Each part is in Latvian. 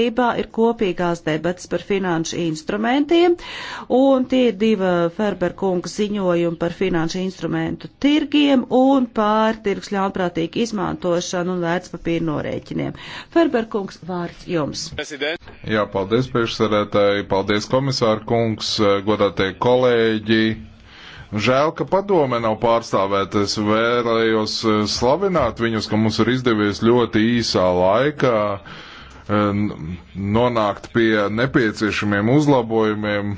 Rībā ir kopīgās debatas par finanšu instrumentiem, un tie ir diva eh, Ferberkunga ziņojumi par finanšu instrumentu tirgiem un pār tirgus ļaunprātīgu izmantošanu un vērtspapīru norēķiniem. Ferberkungs, vārds jums. President. Jā, paldies priekšsarētāji, paldies komisāra kungs, godātie kolēģi. Žēl, ka padome nav pārstāvēta. Es vēlējos eh, slavināt viņus, ka mums ir izdevies ļoti īsā laikā Um, nonākt pie nepieciešamiem uzlabojumiem.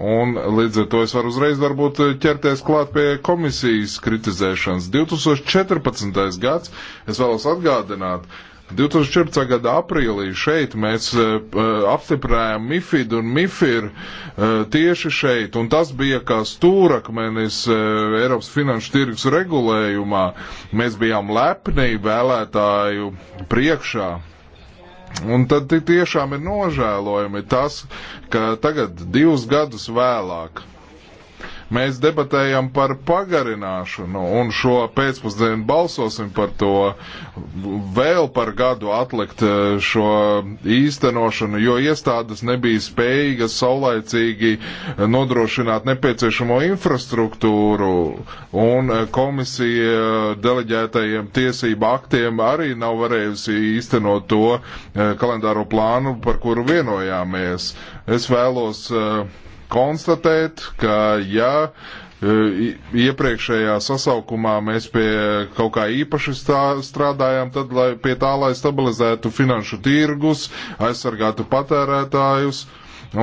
Un līdz ar to es varu uzreiz varbūt ķerties klāt pie komisijas kritizēšanas. 2014. gads, es vēlos atgādināt, 2014. gada aprīlī šeit mēs uh, uh, apstiprinājām MIFID un MIFIR uh, tieši šeit, un tas bija kā stūrakmenis uh, Eiropas finanšu tirgus regulējumā. Mēs bijām lepni vēlētāju priekšā Un tad tiešām ir nožēlojami tas, ka tagad divus gadus vēlāk Mēs debatējam par pagarināšanu un šo pēcpusdienu balsosim par to, vēl par gadu atlikt e, šo īstenošanu, jo iestādes nebija spējīgas saulaicīgi e, nodrošināt nepieciešamo infrastruktūru un e, komisija deleģētajiem tiesību aktiem arī nav varējusi īstenot to kalendāro plānu, par kuru vienojāmies. Es vēlos uh, konstatēt, ka ja e, iepriekšējā sasaukumā mēs pie kaut kā īpaši strādājām, tad lai, pie tā, lai stabilizētu finanšu tirgus, aizsargātu patērētājus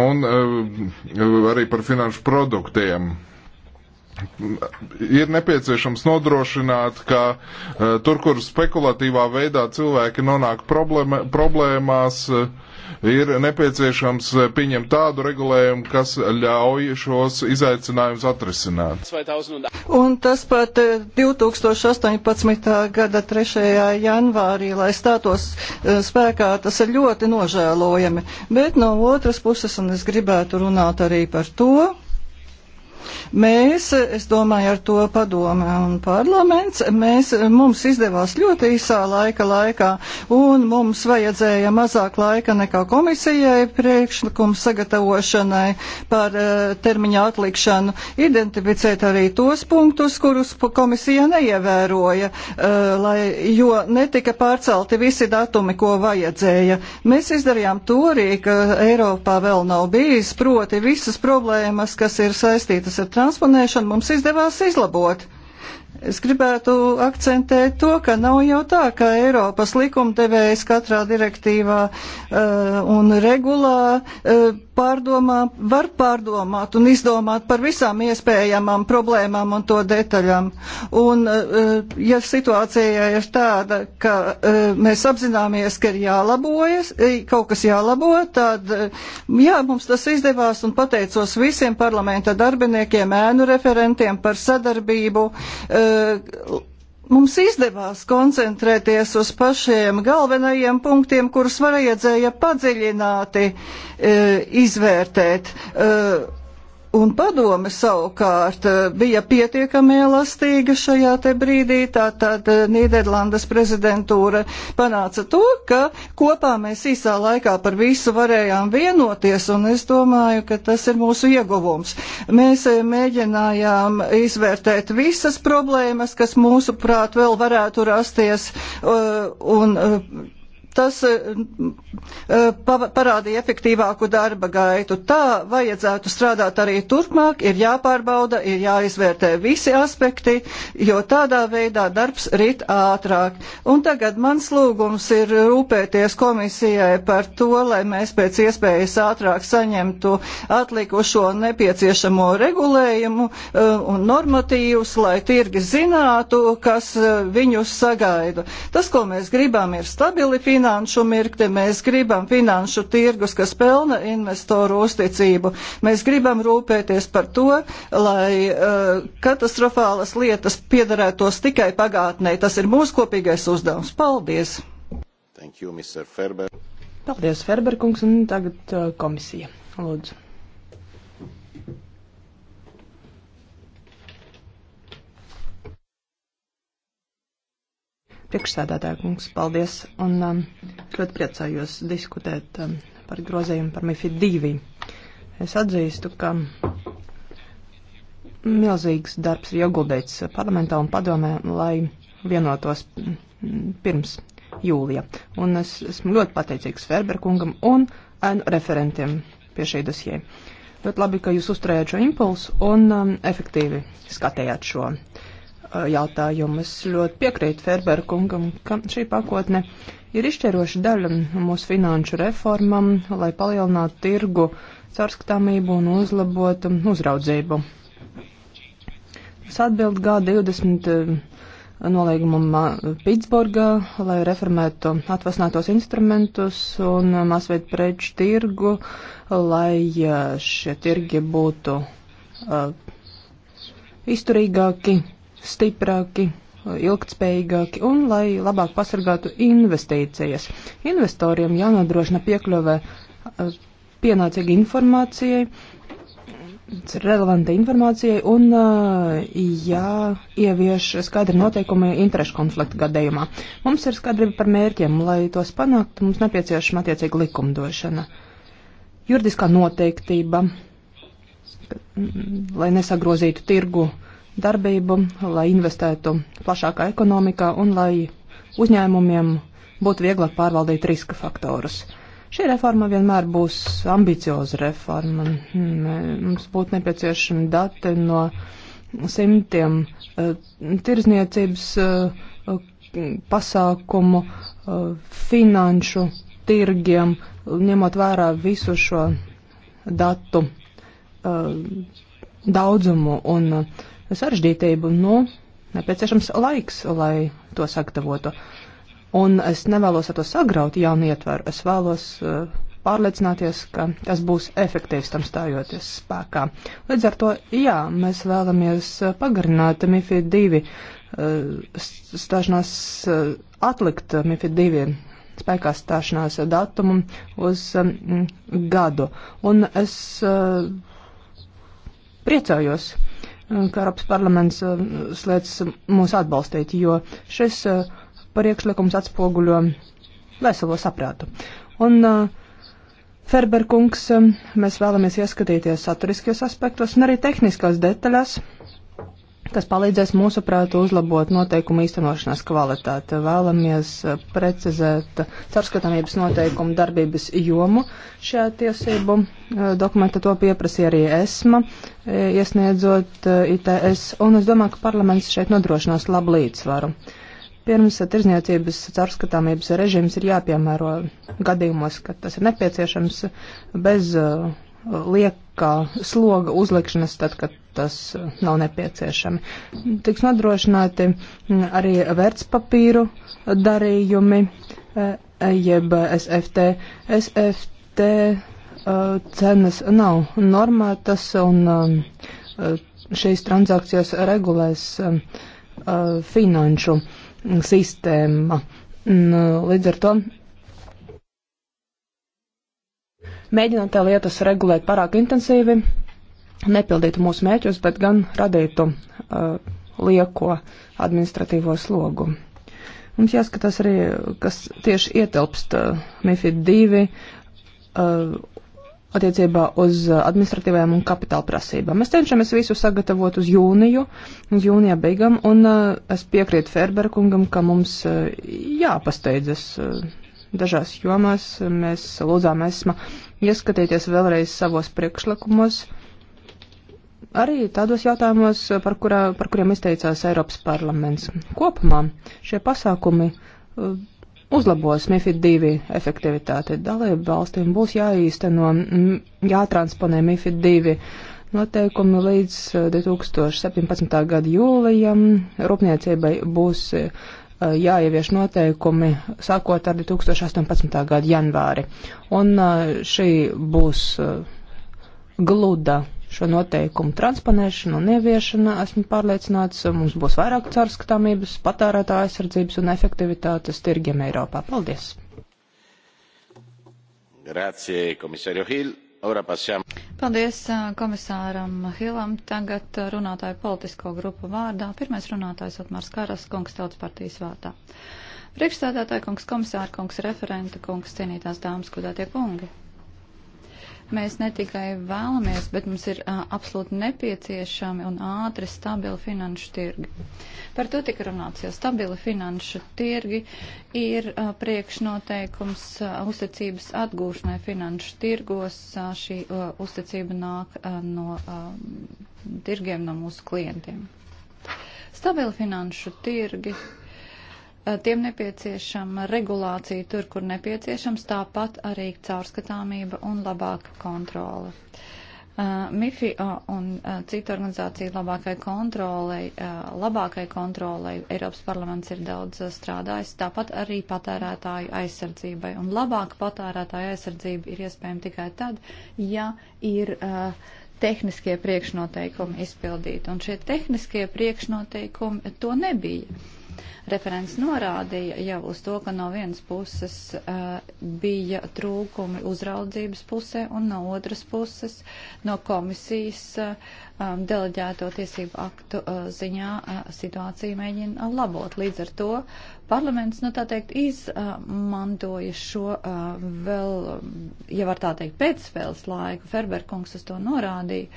un e, e, arī par finanšu produktiem ir nepieciešams nodrošināt, ka uh, tur, kur spekulatīvā veidā cilvēki nonāk problēma, problēmās, uh, ir nepieciešams eh, pieņemt tādu regulējumu, kas ļauj šos izaicinājumus atrisināt. Un tas pat 2018. gada 3. janvārī, lai stātos spēkā, tas ir ļoti nožēlojami. Bet no otras puses, un es gribētu runāt arī par to, Mēs, es domāju, ar to padome un parlaments, mēs, mums izdevās ļoti īsā laika laikā, un mums vajadzēja mazāk laika nekā komisijai priekšlikumu sagatavošanai par uh, termiņa atlikšanu, identificēt arī tos punktus, kurus komisija neievēroja, uh, lai, jo netika pārcelti visi datumi, ko vajadzēja. Mēs izdarījām to arī, ka Eiropā vēl nav bijis, proti visas problēmas, kas ir saistītas kompromisa transponēšanu mums izdevās izlabot. Es gribētu akcentēt to, ka nav jau tā, ka Eiropas likumdevējs katrā direktīvā uh, un regulā uh, pārdomā, var pārdomāt un izdomāt par visām iespējamām problēmām un to detaļām. Un, uh, ja situācija ir tāda, ka uh, mēs apzināmies, ka ir jālabojas, kaut kas jālabo, tad uh, jā, mums tas izdevās un pateicos visiem parlamenta darbiniekiem, ēnu referentiem par sadarbību. Uh, Eh, mums izdevās koncentrēties uz pašiem galvenajiem punktiem, kurus varēja padziļināti e, izvērtēt. E, Un padome savukārt eh, bija pietiekami elastīga šajā te brīdī, tātad eh, Nīderlandes prezidentūra panāca to, ka kopā mēs īsā laikā par visu varējām vienoties, un es domāju, ka tas ir mūsu ieguvums. Mēs eh, mēģinājām izvērtēt visas problēmas, kas mūsuprāt vēl varētu rasties, un tas eh, eh, parādīja efektīvāku darba gaitu. Tā vajadzētu strādāt arī turpmāk, ir jāpārbauda, ir jāizvērtē visi aspekti, jo tādā veidā darbs rit ātrāk. Un tagad mans lūgums ir rūpēties komisijai par to, lai mēs pēc iespējas ātrāk saņemtu atlikušo nepieciešamo regulējumu eh, un normatīvus, lai tirgi zinātu, kas viņus sagaida. Tas, ko mēs gribam, ir stabili finansējumi finanšu mirkli, mēs gribam finanšu tirgus, kas pelna investoru uzticību. Mēs gribam rūpēties par to, lai uh, katastrofālas lietas piederētos tikai pagātnē. Tas ir mūsu kopīgais uzdevums. Paldies! Thank you, Mr. Ferber. Paldies, Ferberkungs, un tagad uh, komisija. Lūdzu. Priekšsēdētāja kungs, paldies, un um, ļoti priecājos diskutēt um, par grozījumu par MIFID 2. Es atzīstu, ka milzīgs darbs ir ieguldīts parlamentā un padomē, lai vienotos pirms jūlija. Un es esmu ļoti pateicīgs Ferberkungam un ēnu referentiem pie šī dosjē. Ļoti labi, ka jūs uzturējāt šo impulsu un um, efektīvi skatējāt šo jautājumus. Ļoti piekrītu Ferberkungam, ka šī pakotne ir izšķiroša daļa mūsu finanšu reformam, lai palielinātu tirgu caurskatāmību un uzlabotu uzraudzību. Es atbildu G20 nolīgumam Pitsburgā, lai reformētu atvasinātos instrumentus un masveidu preču tirgu, lai šie tirgi būtu uh, izturīgāki stiprāki, ilgtspējīgāki un lai labāk pasargātu investīcijas. Investoriem jānodrošina piekļuve eh, pienācīgi informācijai, relevanta informācijai un eh, jāievieš skaidri noteikumi interešu konflikta gadījumā. Mums ir skaidrība par mērķiem, lai tos panākt, mums nepieciešama attiecīga likumdošana. Juridiskā noteiktība, mm, lai nesagrozītu tirgu uh, darbību, lai investētu plašākā ekonomikā un lai uzņēmumiem būtu vieglāk pārvaldīt riska faktorus. Šī reforma vienmēr būs ambicioza reforma. Mums būtu nepieciešami dati no simtiem eh, tirzniecības eh, pasākumu, eh, finanšu tirgiem, ņemot vērā visu šo datu daudzumu un uh, sarežģītību, nu, nepieciešams laiks, lai to sagatavotu. Un es nevēlos ar to sagraut jaunu ietvaru, es vēlos uh, pārliecināties, ka tas būs efektīvs tam stājoties spēkā. Līdz ar to, jā, mēs vēlamies eh, pagarināt MIFID 2 eh, stāšanās, atlikt MIFID 2 spēkā stāšanās datumu uz mm, gadu. Un es priecājos, ka Eiropas parlaments uh, slēdz mūs atbalstīt, jo šis uh, priekšlikums atspoguļo veselo saprātu. Un uh, Ferberkungs, um, mēs vēlamies ieskatīties saturiskajos aspektos un arī tehniskās detaļās kas palīdzēs mūsuprāt uzlabot noteikumu īstenošanas kvalitāti. Vēlamies eh, precizēt caurskatāmības noteikumu darbības jomu šajā tiesību eh, dokumenta. To pieprasīja arī ESMA, eh, iesniedzot ITS, un es domāju, ka parlaments šeit nodrošinās labu līdzsvaru. Pirms tirzniecības caurskatāmības režīms ir jāpiemēro gadījumos, kad tas ir nepieciešams bez. Uh, liekā sloga uzlikšanas, tad, kad tas uh, nav nepieciešami. Tiks nodrošināti mm, arī vērtspapīru darījumi, eh, jeb SFT. SFT eh, cenas nav normētas un eh, šīs transakcijas regulēs finanšu sistēma. Mm, līdz ar to mēģināt tā lietas regulēt pārāk intensīvi, nepildītu mūsu mēķus, bet gan radītu uh, lieko administratīvo slogu. Mums jāskatās arī, kas tieši ietilpst uh, MIFID 2 uh, attiecībā uz uh, administratīvajām un kapitāla prasībām. Mēs cenšamies visu sagatavot uz jūniju, uz jūnija beigām, un uh, es piekrītu Ferberkungam, ka mums uh, jāpasteidzas. Uh, dažās jomās mēs lūdzām esmu ieskatieties vēlreiz savos priekšlikumos, arī tādos jautājumos, par, kurā, par kuriem izteicās Eiropas parlaments. Kopumā šie pasākumi uh, uzlabos MIFID 2 efektivitāti. Dalību valstīm būs jāīsteno, jātransponē MIFID 2 noteikumi līdz 2017. Uh, gada jūlijam. Rūpniecībai būs uh, Eh, jāievieš noteikumi sākot ar 2018. gada janvāri. Un eh, šī būs eh, gluda šo noteikumu transponēšana un ieviešana, esmu pārliecināts, mums būs vairāk cārskatāmības, patērētā aizsardzības un efektivitātes tirgiem Eiropā. Paldies! Grazie, komisārio Hill. Paldies komisāram Hilam. Tagad runātāju politisko grupu vārdā. Pirmais runātājs Otmārs Karas, kungs tautas partijas vārdā. Priekšstādātāja kungs, komisāra kungs, referenta kungs, cienītās dāmas, kudā tie kungi. Mēs ne tikai vēlamies, bet mums ir uh, absolūti nepieciešami un ātri stabili finanšu tirgi. Par to tika runāts, jo stabili finanšu tirgi ir uh, priekšnoteikums uh, uzticības atgūšanai finanšu tirgos. Uh, šī uh, uzticība nāk uh, no uh, tirgiem, no mūsu klientiem. Stabili finanšu tirgi. Uh, tiem nepieciešama regulācija tur, kur nepieciešams, tāpat arī caurskatāmība un labāka kontrola. Uh, MIFI uh, un uh, cita organizācija labākai kontrolei, uh, labākai kontrolei Eiropas parlaments ir daudz uh, strādājis, tāpat arī patērētāju aizsardzībai. Un labāka patērētāja aizsardzība ir iespējama tikai tad, ja ir uh, tehniskie priekšnoteikumi izpildīti. Un šie tehniskie priekšnoteikumi to nebija. Referents norādīja jau uz to, ka no vienas puses uh, bija trūkumi uzraudzības pusē un no otras puses no komisijas uh, deleģēto tiesību aktu uh, ziņā uh, situāciju mēģina labot. Līdz ar to parlaments, nu tā teikt, izmantoja šo uh, vēl, ja var tā teikt, pēcspēles laiku. Ferberkungs uz to norādīja.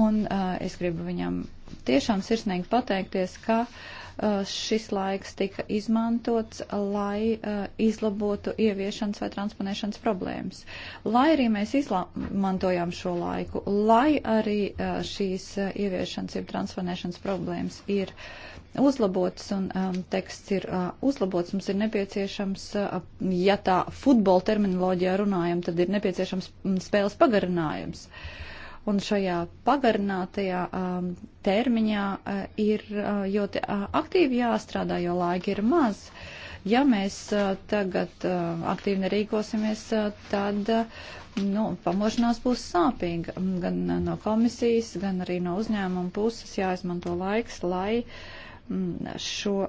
Un uh, es gribu viņam tiešām sirsnīgi pateikties, ka uh, Uh, šis laiks tika izmantots, lai uh, izlabotu ieviešanas vai transponēšanas problēmas. Lai arī mēs izmantojām šo laiku, lai arī uh, šīs ieviešanas jeb transponēšanas problēmas ir uzlabots un um, teksts ir uh, uzlabots, mums ir nepieciešams, uh, ja tā futbola terminoloģijā runājam, tad ir nepieciešams mm, spēles pagarinājums. Uh, Un šajā pagarinātajā um, termiņā uh, ir uh, ļoti uh, aktīvi jāstrādā, jo laika ir maz. Ja mēs uh, tagad uh, aktīvi nerīkosimies, uh, tad uh, nu, pamošanās būs sāpīga. Gan uh, no komisijas, gan arī no uzņēmuma puses jāizmanto laiks, lai uh, Mm, šo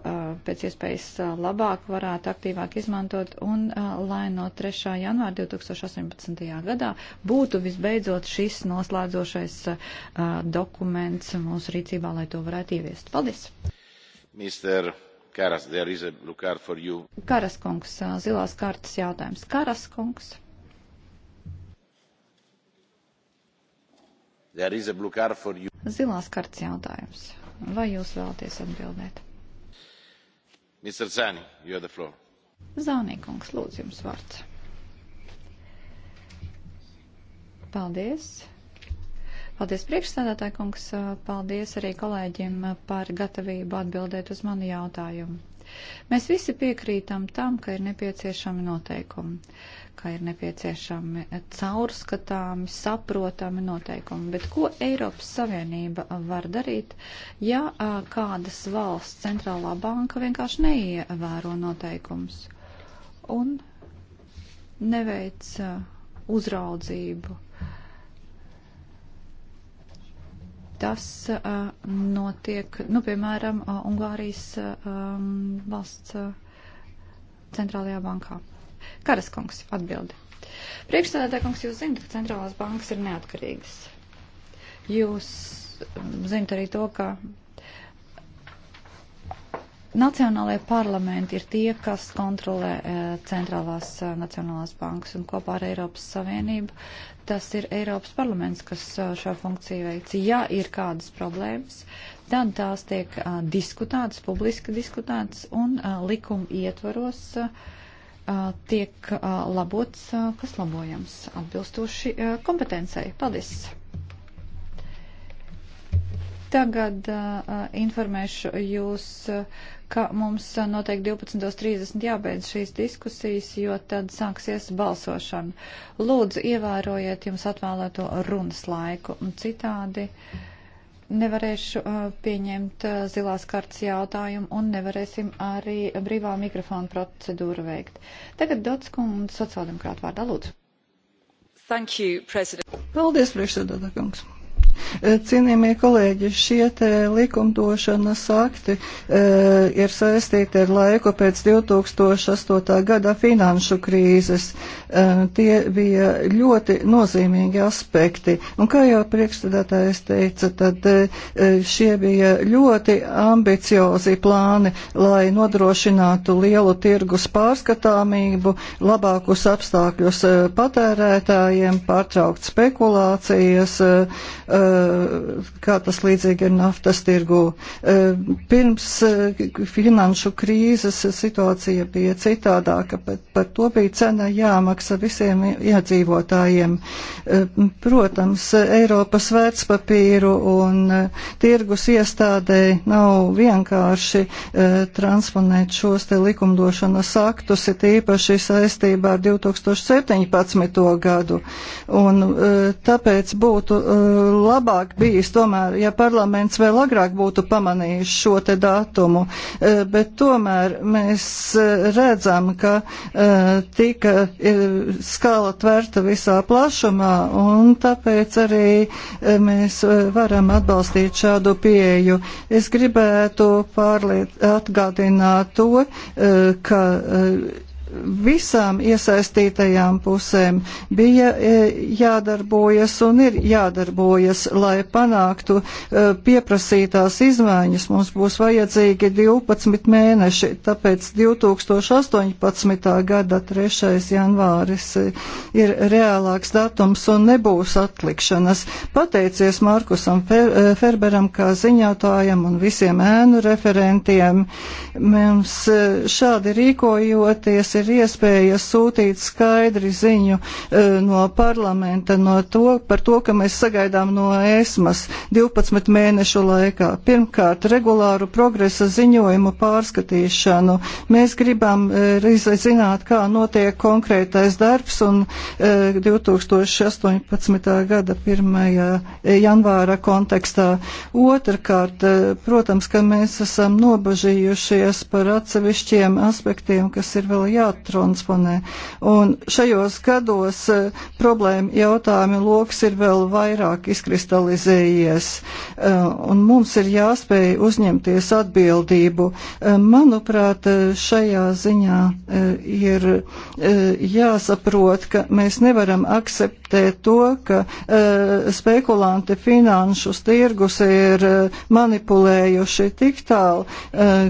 pēc iespējas labāk varētu aktīvāk izmantot un lai no 3. janvāra 2018. gadā būtu visbeidzot šis noslēdzošais dokuments mūsu rīcībā, lai to varētu ieviest. Paldies! Mister Karas, there is a blue card for you. Karas kungs, zilās kartas jautājums. Karas kungs. There is a blue card for you. Zilās kartas jautājums. Vai jūs vēlaties atbildēt? Mr. Zani, you have the floor. Zānīkungs, lūdzu jums vārds. Paldies. Paldies priekšsēdētāji kungs, paldies arī kolēģim par gatavību atbildēt uz manu jautājumu. Mēs visi piekrītam tam, ka ir nepieciešami noteikumi, ka ir nepieciešami caurskatāmi, saprotami noteikumi. Bet ko Eiropas Savienība var darīt, ja kādas valsts centrālā banka vienkārši neievēro noteikumus un neveic uzraudzību? Uh, tas uh, notiek, nu, piemēram, uh, Ungārijas um, valsts uh, centrālajā bankā. Karaskungs atbildi. Priekšstādātā kungs, jūs zinat, ka centrālās bankas ir neatkarīgas. Jūs zinat arī to, ka Nacionālajie parlamenti ir tie, kas kontrolē e, centrālās e, nacionālās bankas un kopā ar Eiropas Savienību. Tas ir Eiropas parlaments, kas e, šo funkciju veic. Ja ir kādas problēmas, tad tās tiek diskutētas, publiski diskutētas un likuma ietvaros tiek labots, kas labojams atbilstoši kompetencei. Paldies! Tagad informēšu jūs. Uh, ka mums uh, noteikti 12.30 jābeidz šīs diskusijas, jo tad sāksies balsošana. Lūdzu, ievērojiet jums atvēlēto runas laiku, un citādi nevarēšu uh, pieņemt uh, zilās kartas jautājumu un nevarēsim arī brīvā mikrofona procedūru veikt. Tagad Dotskunds sociāldemokrāta vārdā lūdzu. Thank you, President. Paldies, priekšsēdētā kungs. Eh, cienījamie kolēģi, šie te likumdošanas akti e, ir saistīti ar laiku pēc 2008. gada finanšu krīzes. E, tie bija ļoti nozīmīgi aspekti. Un kā jau priekšstādātājs teica, tad e, šie bija ļoti ambiciozi plāni, lai nodrošinātu lielu tirgus pārskatāmību, labākus apstākļus patērētājiem, pārtraukt spekulācijas. E, Uh, kā tas līdzīgi ir naftas tirgu. Uh, pirms uh, finanšu krīzes situācija bija citādāka, bet par to bija cena jāmaksā visiem iedzīvotājiem. Protams, Eiropas vērtspapīru un tirgus iestādē nav vienkārši transponēt šos te likumdošanas aktus, ir īpaši saistībā ar 2017. gadu. Un tāpēc būtu labi labāk bijis tomēr, ja parlaments vēl agrāk būtu pamanījis šo te datumu, e, bet tomēr mēs e, redzam, ka e, tika skala tvērta visā plašumā, un tāpēc arī mēs varam atbalstīt šādu pieeju. Es gribētu pārliet, atgādināt to, ka visām iesaistītajām pusēm bija e, jādarbojas un ir jādarbojas, lai panāktu e, pieprasītās izmaiņas. Mums būs vajadzīgi 12 mēneši, tāpēc 2018. gada 3. janvāris e, ir reālāks datums un nebūs atlikšanas. Pateicies Markusam Fer Ferberam kā ziņotājam un visiem ēnu referentiem. Mums šādi rīkojoties ir iespēja sūtīt skaidri ziņu eh, no parlamenta no to, par to, ka mēs sagaidām no ESMAS 12 mēnešu laikā. Pirmkārt, regulāru progresa ziņojumu pārskatīšanu. Mēs gribam eh, zināt, kā notiek konkrētais darbs un 2018. Eh, gada 1. janvāra kontekstā. Otrakārt, protams, ka mēs esam nobažījušies par atsevišķiem aspektiem, kas ir vēl jā jātransponē. Un šajos gados e, problēma jautājumi loks ir vēl vairāk izkristalizējies, e, un mums ir jāspēj uzņemties atbildību. E, manuprāt, šajā ziņā ir jāsaprot, ka mēs nevaram akceptēt to, ka spekulanti finanšu tirgus ir manipulējuši tik tālu,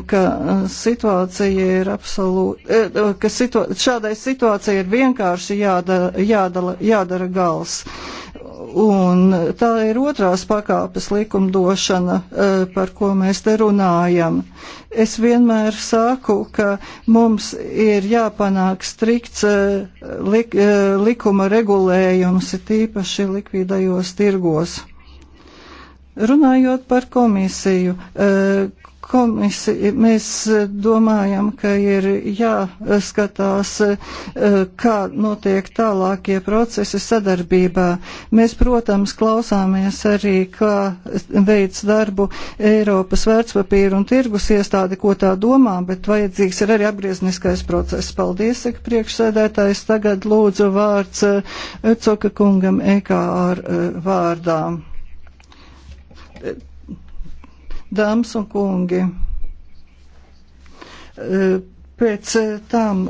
ka situācija ir absolūti ka situa šādai situācijai ir vienkārši jādara, jādala, jādara gals. Un tā ir otrās pakāpes likumdošana, e, par ko mēs te runājam. Es vienmēr saku, ka mums ir jāpanāk strikts e, lik, e, likuma regulējums, tīpaši likvidajos tirgos. Runājot par komisiju, komisija, mēs domājam, ka ir jāskatās, eh, kā notiek tālākie procesi sadarbībā. Mēs, protams, klausāmies arī, kā veids darbu Eiropas vērtspapīru un tirgus iestādi, ko tā domā, bet vajadzīgs ir arī apgriezniskais process. Paldies, saka priekšsēdētājs. Tagad lūdzu vārds eh, Coka kungam EKR eh, vārdām. Dāmas un kungi, e, pēc tam, e,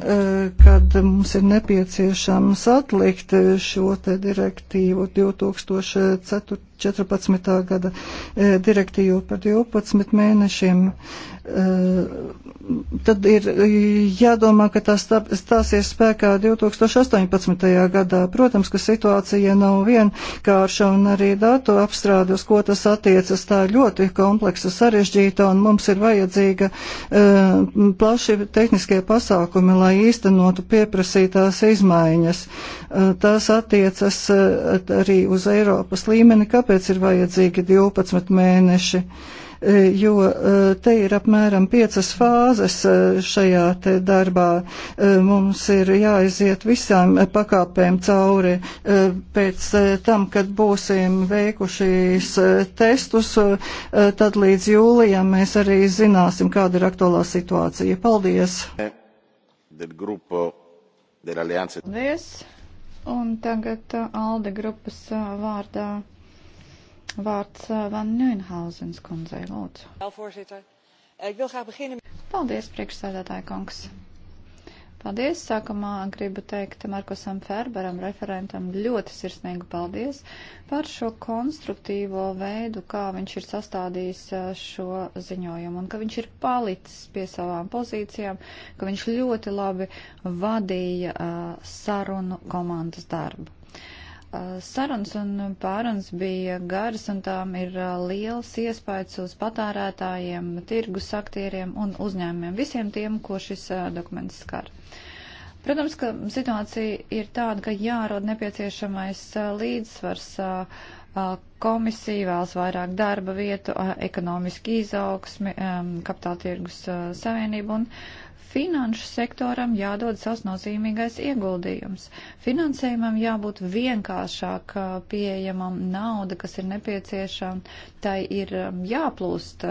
kad mums ir nepieciešams atlikt šo te direktīvu 2004. 14. gada e, direktīvu par 12 mēnešiem, e, tad ir jādomā, ka tā stāsies spēkā 2018. gadā. Protams, ka situācija nav vienkārša un arī datu apstrāde, uz ko tas attiecas, tā ļoti kompleksa, sarežģīta un mums ir vajadzīga e, plaši tehniskie pasākumi, lai īstenotu pieprasītās izmaiņas. Tās attiecas arī uz Eiropas līmeni, kāpēc ir vajadzīgi 12 mēneši, e, jo e, te ir apmēram piecas fāzes e, šajā te darbā. Mums ir jāiziet visām pakāpēm cauri pēc tam, kad būsim veikušies testus, tad līdz jūlijam mēs arī zināsim, kāda ir aktuālā situācija. Paldies! Del grupo dell'Alleanza. Paldies! Un tagad Alde grupas vārdā Vārds eh, Van Nūnhausens kundzei, lūdzu. Eh, paldies, priekšsēdētāja kungs. Paldies! Sākumā gribu teikt Markusam Ferberam, referentam, ļoti sirsnīgu paldies par šo konstruktīvo veidu, kā viņš ir sastādījis eh, šo ziņojumu un ka viņš ir palicis pie savām pozīcijām, ka viņš ļoti labi vadīja uh, sarunu komandas darbu sarunas un pārunas bija garas, un tām ir liels iespējas uz patērētājiem, tirgus aktieriem un uzņēmumiem, visiem tiem, ko šis dokuments skar. Protams, ka situācija ir tāda, ka jārod nepieciešamais līdzsvars. Komisija vēlas vairāk darba vietu, ekonomiski izaugsmi, kapitāla tirgus savienību un uh, finanšu sektoram jādod savs nozīmīgais ieguldījums. Finansējumam jābūt vienkāršāk pieejamam, nauda, kas ir nepieciešama, tai ir jāplūst.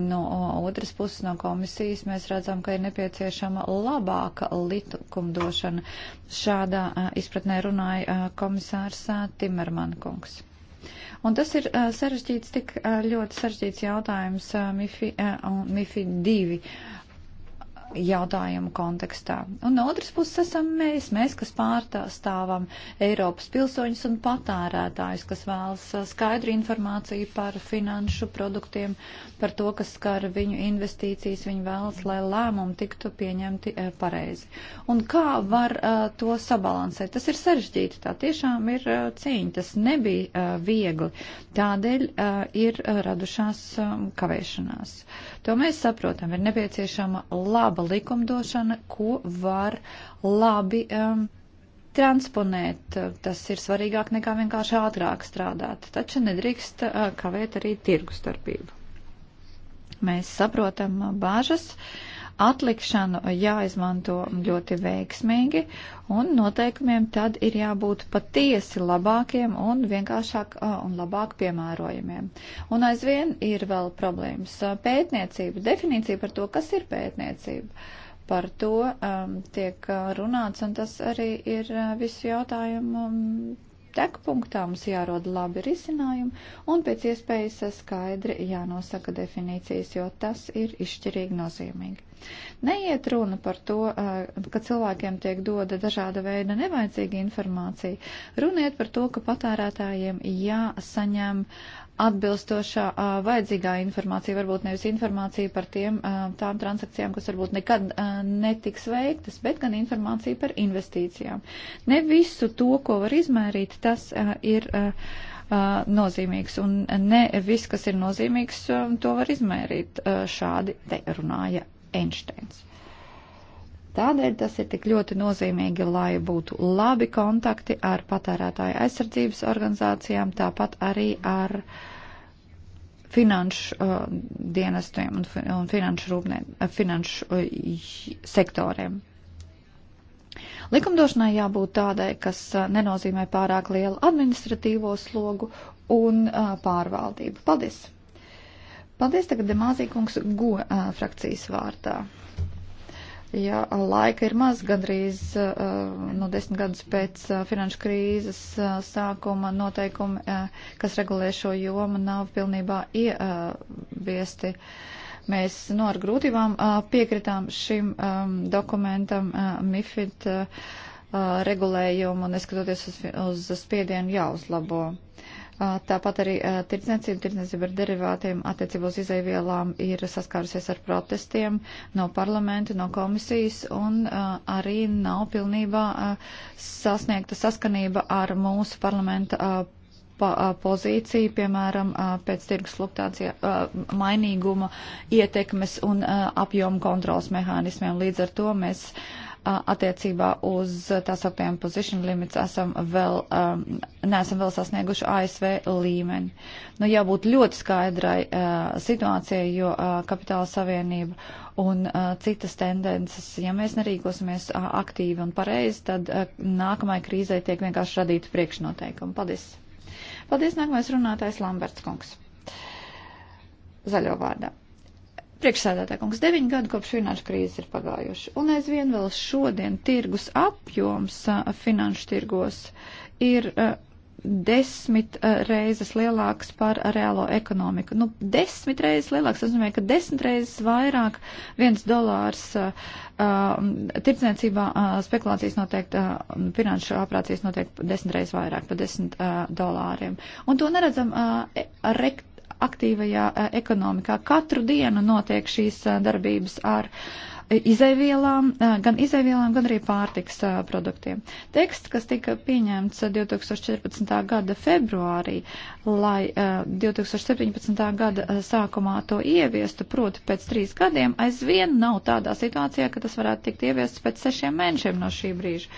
No otras puses, no komisijas mēs redzam, ka ir nepieciešama labāka likumdošana. Šādā izpratnē runāja komisārs Timermankungs. Un tas ir sarežģīts, tik ļoti sarežģīts jautājums MIFI, MIFI 2 jautājumu kontekstā. Un no otras puses esam mēs, mēs, kas pārstāvam Eiropas pilsoņus un patērētājus, kas vēlas skaidru informāciju par finanšu produktiem, par to, kas skar viņu investīcijas, viņi vēlas, lai lēmumi tiktu pieņemti eh, pareizi. Un kā var uh, to sabalansēt? Tas ir sarežģīti, tā tiešām ir uh, cīņa, tas nebija uh, viegli. Tādēļ uh, ir uh, radušās um, kavēšanās. Uh, To mēs saprotam, ir nepieciešama laba likumdošana, ko var labi um, transponēt. Tas ir svarīgāk nekā vienkārši ātrāk strādāt, taču nedrīkst uh, kavēt arī tirgu starpību. Mēs saprotam uh, bāžas. Uh, atlikšanu jāizmanto ļoti veiksmīgi, un noteikumiem tad ir jābūt patiesi labākiem un vienkāršāk un labāk piemērojumiem. Un aizvien ir vēl problēmas pētniecība, definīcija par to, kas ir pētniecība. Par to um, tiek runāts, un tas arī ir visu jautājumu um, tek punktā mums jāroda labi risinājumi un pēc iespējas skaidri jānosaka definīcijas, jo tas ir izšķirīgi nozīmīgi. Neiet runa par to, ka cilvēkiem tiek doda dažāda veida nevajadzīga informācija. Runiet par to, ka patērētājiem jāsaņem uh, atbilstošā uh, vajadzīgā informācija, varbūt nevis informācija par tiem, uh, tām transakcijām, kas varbūt nekad uh, netiks veiktas, bet gan informācija par investīcijām. Ne visu to, ko var izmērīt, tas uh, ir. Uh, nozīmīgs, un ne viss, kas ir nozīmīgs, to var izmērīt. Šādi te runāja Einsteins. Tādēļ tas ir tik ļoti nozīmīgi, lai būtu labi kontakti ar patērētāju aizsardzības organizācijām, tāpat arī ar uh, finanšu uh, dienestiem un, un finanšu, rūpnē, uh, finanšu uh, sektoriem. Likumdošanai jābūt tādai, kas uh, nenozīmē pārāk lielu administratīvo slogu un uh, pārvaldību. Paldies! Paldies tagad Demāzīkungs Go uh, frakcijas vārtā. Ja laika ir maz, gandrīz eh, no nu, desmit gadus pēc eh, finanšu krīzes eh, sākuma noteikumi, kas regulē šo jomu, nav pilnībā ieviesti. Mēs no nu, ar grūtībām piekritām šim ehm, dokumentam MIFID regulējumu, neskatoties uz, uz spiedienu jāuzlabo. Uh, Tāpat arī tirdzniecība, tirdzniecība ar derivātiem attiecībos izaivielām ir saskārusies ar protestiem no parlamenta, no komisijas un arī nav pilnībā sasniegta saskanība ar mūsu parlamenta pozīciju, piemēram, pēc tirgus fluktuācija mainīguma ietekmes un apjomu kontrols mehānismiem. Līdz ar to mēs uh, Attiecībā uz tās aptiem position limits esam vēl, um, neesam vēl sasnieguši ASV līmeni. Nu, jābūt ļoti skaidrai uh, situācijai, jo uh, kapitāla savienība un uh, citas tendences, ja mēs nerīkosimies uh, aktīvi un pareizi, tad uh, nākamai krīzai tiek vienkārši radīta priekšnoteikuma. Paldies! Paldies, nākamais runātājs Lamberts kungs. Zaļo vārdā. Priekšsēdētāj kungs, deviņi gadi kopš finanšu krīzes ir pagājuši, un aizvien vēl šodien tirgus apjoms finanšu tirgos ir desmit reizes lielāks par reālo ekonomiku. Nu, desmit reizes lielāks, tas nozīmē, ka desmit reizes vairāk viens dolārs uh, tirdzniecībā uh, spekulācijas notiek, uh, finanšu operācijas notiek desmit reizes vairāk par desmit uh, dolāriem. Un to neredzam uh, rekt aktīvajā eh, ekonomikā. Katru dienu notiek šīs eh, darbības ar eh, izēvielām, gan izēvielām, gan arī pārtiks produktiem. Teksts, kas tika pieņemts 2014. gada februārī, lai 2017. Eh, gada eh, sākumā to ieviestu, proti pēc trīs gadiem, aizvien nav tādā situācijā, ka tas varētu tikt ieviests pēc sešiem mēnešiem no šī brīža.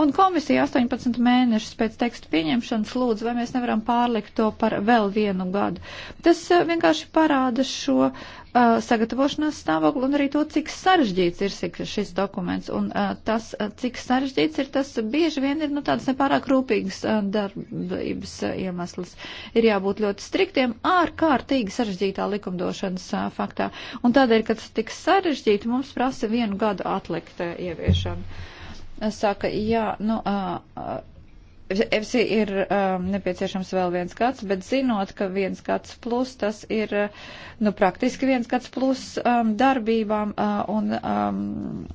Un komisija 18 mēnešus pēc tekstu pieņemšanas lūdz, vai mēs nevaram pārlikt to par vēl vienu gadu. Tas eh, vienkārši parāda šo uh, sagatavošanās stāvokli un arī to, cik sarežģīts ir šis dokuments. Un uh, tas, cik sarežģīts ir, tas bieži vien ir nu, tāds nepārāk rūpīgs uh, darbības uh, iemesls ir jābūt ļoti striktiem ārkārtīgi sarežģītā likumdošanas faktā. Un tādēļ, ka tas tik sarežģīti, mums prasa vienu gadu atlikt ieviešanu. Saka, jā, nu, FC ir um, nepieciešams vēl viens gads, bet zinot, ka viens gads plus tas ir, nu, praktiski viens gads plus um, darbībām uh, un um,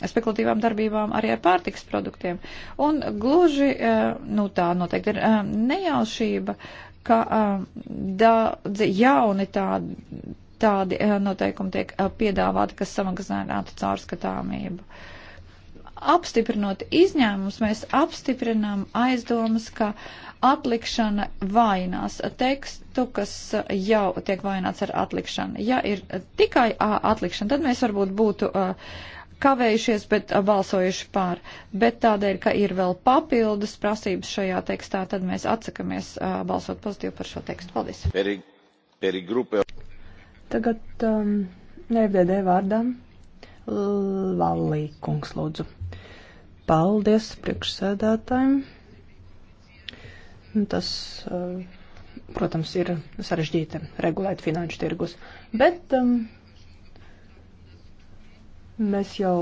spekulatīvām darbībām arī ar pārtiks produktiem. Un gluži, uh, nu, tā noteikti ir um, nejaušība, ka daudzi jauni tādi, tādi noteikumi tiek piedāvāti, kas samazinātu caurskatāmību. Apstiprinot izņēmumus, mēs apstiprinām aizdomas, ka atlikšana vainās tekstu, kas jau tiek vaināts ar atlikšanu. Ja ir tikai atlikšana, tad mēs varbūt būtu uh, kavējušies, bet uh, balsojuši pār. Bet tādēļ, ka ir vēl papildus prasības šajā tekstā, tad mēs atsakamies uh, balsot pozitīvi par šo tekstu. Paldies. Peri, peri grupe. Tagad um, FDD vārdā Lallī kungs lūdzu. Paldies priekšsēdētājiem. Nu, tas, uh, protams, ir sarežģīti regulēt finanšu tirgus, bet um, Mēs jau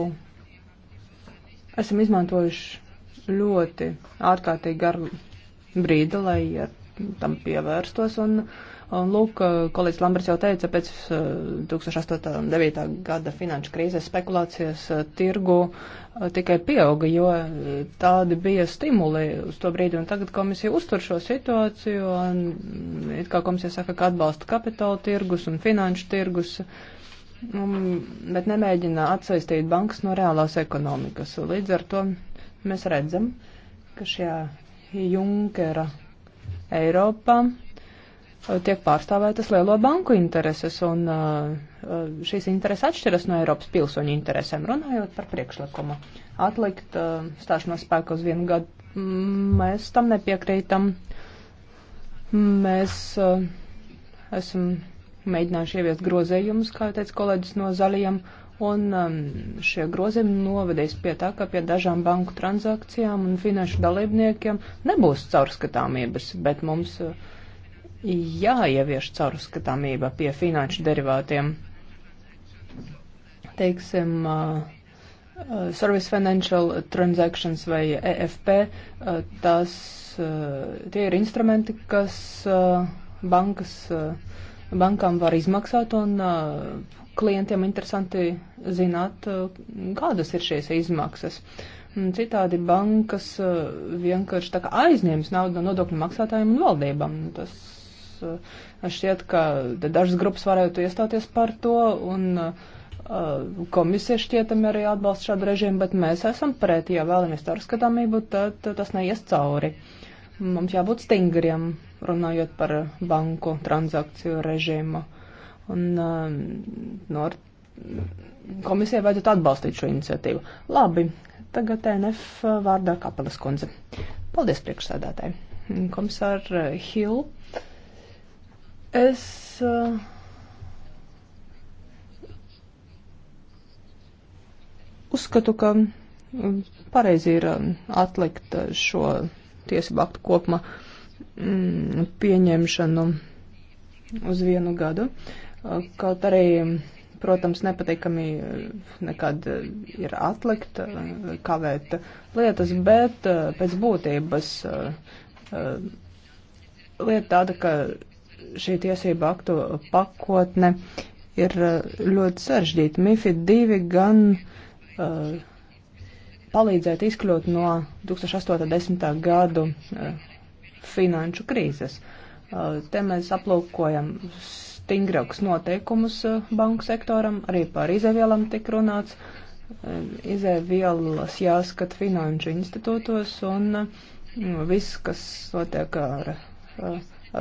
esam izmantojuši ļoti ārkārtīgi garu brīdi, lai tam pievērstos. Un, un lūk, kolēģis Lambers jau teica, pēc 2008.9. Eh, gada finanšu krīzes spekulācijas eh, tirgu eh, tikai pieauga, jo tādi bija stimuli uz to brīdi. Un tagad komisija uztur šo situāciju, un mm, it kā komisija saka, ka atbalsta kapitāla tirgus un finanšu tirgus. Uh, Nu, bet nemēģina atsaistīt bankas no reālās ekonomikas. Līdz ar to mēs redzam, ka šajā Junkera Eiropā uh, tiek pārstāvētas lielo banku intereses, un uh, uh, šīs intereses atšķiras no Eiropas pilsoņu interesēm, runājot par priekšlikumu. Atlikt stāšanos spēku uz vienu gadu, mm, mēs tam nepiekrītam. Mēs esam mēģinājuši ieviest grozējumus, kā teica kolēģis no zaļajiem, un um, šie grozījumi novedīs pie tā, ka pie dažām banku transakcijām un finanšu dalībniekiem nebūs caurskatāmības, bet mums uh, jāievieš caurskatāmība pie finanšu derivātiem. Teiksim, uh, uh Service Financial Transactions vai EFP, uh, tās, tie ir instrumenti, kas bankas bankām var izmaksāt, un uh, klientiem interesanti zināt, uh, kādas ir šīs izmaksas. Un citādi bankas uh, vienkārši tā kā aizņems naudu no nodokļu maksātājiem un valdībām. Tas uh, šķiet, ka dažas grupas varētu iestāties par to, un uh, komisija šķietami arī atbalsta šādu režīmu, bet mēs esam pret, ja vēlamies tā skatāmību, tad tas neies cauri. Uh, Mums jābūt stingriem, runājot par banku transakciju režīmu. Un um, no, komisijai vajadzētu atbalstīt šo iniciatīvu. Labi, tagad TNF vārdā Kapelas kundze. Paldies priekšsēdētāji. Komisāra Hill. Es. Uh, uzskatu, ka pareizi ir um, atlikt šo tiesību aktu kopuma mm, pieņemšanu uz vienu gadu. Uh, kaut arī, protams, nepatīkami uh, nekad uh, ir atlikt, kavēt lietas, bet pēc būtības lieta tāda, ka šī tiesība aktu pakotne ir ļoti sarežģīta. MIFID 2 gan uh, palīdzēt izkļūt no 2008.10. gadu eh, finanšu krīzes. Eh, te mēs aplūkojam stingrākus noteikumus eh, banku sektoram, arī par izēvielam tik runāts. Izēvielas jāskat finanšu institūtos un viss, kas notiek ar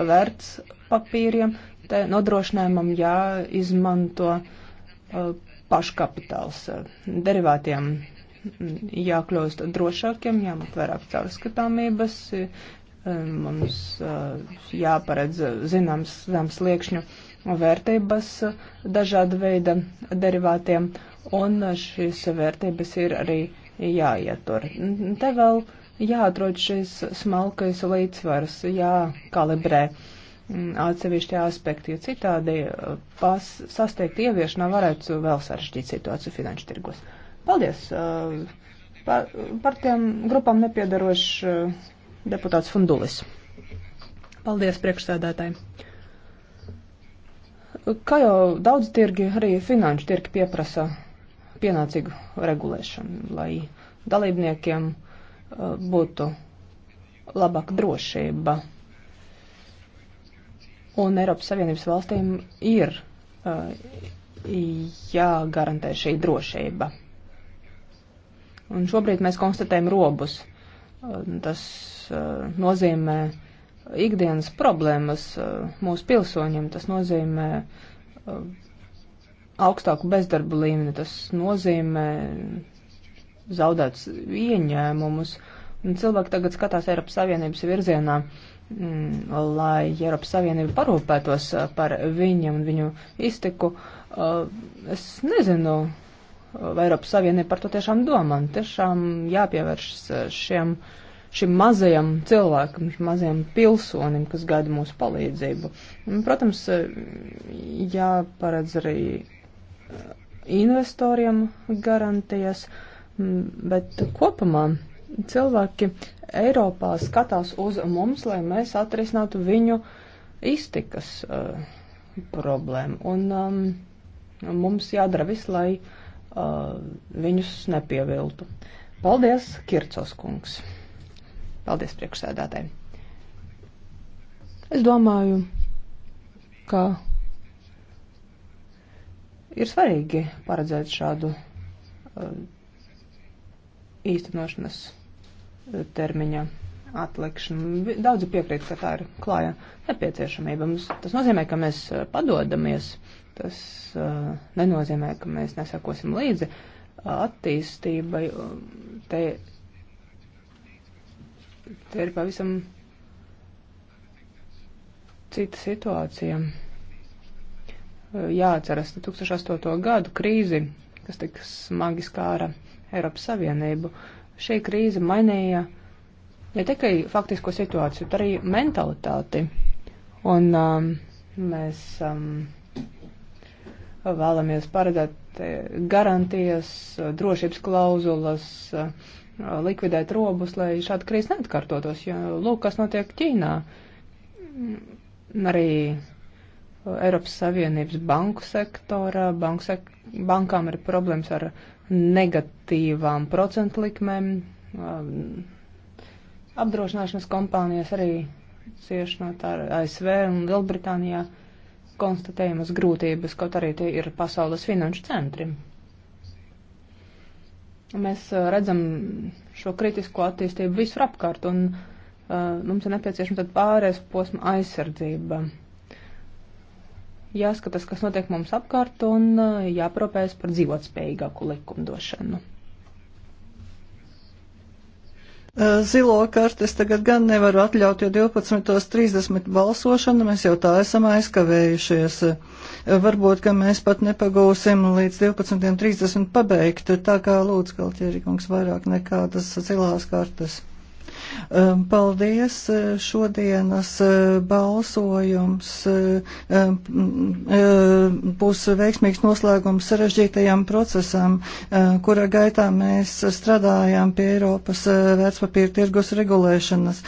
vērts papīriem, te nodrošinājumam jāizmanto paškapitāls derivātiem jākļūst drošākiem, jāmet vairāk caurskatāmības, mums jāparedz zināms zems liekšņu vērtības dažāda veida derivātiem, un šīs vērtības ir arī jāietur. Te vēl jāatrod šis smalkais līdzsvars, jākalibrē atsevišķi aspekti, jo citādi pas, sasteikt ieviešanā varētu vēl sarežģīt situāciju finanšu tirgos. Paldies eh, par, par tiem grupām nepiedarošs eh, deputāts Fundulis. Paldies priekšsēdētāji. Kā jau daudz tirgi, arī finanšu tirgi pieprasa pienācīgu regulēšanu, lai dalībniekiem eh, būtu labāka drošība. Un Eiropas Savienības valstīm ir jāgarantē šī drošība. Un šobrīd mēs konstatējam robus. Tas uh, nozīmē ikdienas problēmas uh, mūsu pilsoņiem, tas nozīmē uh, augstāku bezdarbu līmeni, tas nozīmē zaudēts ieņēmumus. Un cilvēki tagad skatās Eiropas Savienības virzienā, mm, lai Eiropas Savienība parūpētos par viņiem un viņu iztiku. Es nezinu, vai Eiropas Savienība par to tiešām domā. Tiešām jāpievēršas eh, šiem, šim mazajam cilvēkam, šim mazajam pilsonim, kas gaida mūsu palīdzību. Protams, jāparedz arī eh, investoriem garantijas, bet kopumā cilvēki Eiropā skatās uz mums, lai mēs atrisinātu viņu iztikas uh, problēmu. Un um, mums jādara viss, lai uh, uh, viņus nepieviltu. Paldies, Kircos kungs. Paldies priekšsēdētāji. Es domāju, ka ir svarīgi paredzēt šādu uh, īstenošanas uh, termiņa atlikšanu. Daudzi piekrīt, ka tā ir klāja nepieciešamība. Mums, tas nozīmē, ka mēs uh, padodamies tas uh, nenozīmē, ka mēs nesakosim līdzi attīstībai. Te, te ir pavisam cita situācija. Jāatceras 2008. Nu, gadu krīzi, kas tik smagi skāra Eiropas Savienību. Šī krīze mainīja ne tikai faktisko situāciju, bet arī mentalitāti. Un um, mēs um, vēlamies paredzēt e, garantijas, e, drošības klauzulas, e, likvidēt robus, lai šāda krīze neatkārtotos, jo lūk, kas notiek Ķīnā. Mm, arī Eiropas Savienības banku sektorā, banku sek bankām ir problēmas ar negatīvām procentu likmēm, apdrošināšanas kompānijas arī cieši no tā ASV un Lielbritānijā. Uh, konstatējamas grūtības, kaut arī tie ir pasaules finanšu centri. Mēs redzam šo kritisko attīstību visur apkārt, un uh, mums ir nepieciešama tāda pārējais posma aizsardzība. Jāskatās, kas notiek mums apkārt, un uh, jāpropēs par dzīvotspējīgāku likumdošanu. Eh, zilo kartes tagad gan nevaru atļaut, jo 12.30 balsošana mēs jau tā esam aizkavējušies. Eh, varbūt, ka mēs pat nepagūsim līdz 12.30 pabeigt, tā kā lūdzu, Kaltierīkungs, vairāk nekādas zilās kartes. Um, paldies! Uh, šodienas uh, balsojums uh, um, mm, būs veiksmīgs noslēgums sarežģītajam procesam, kura gaitā mēs strādājām pie Eiropas vērtspapīra tirgus regulēšanas.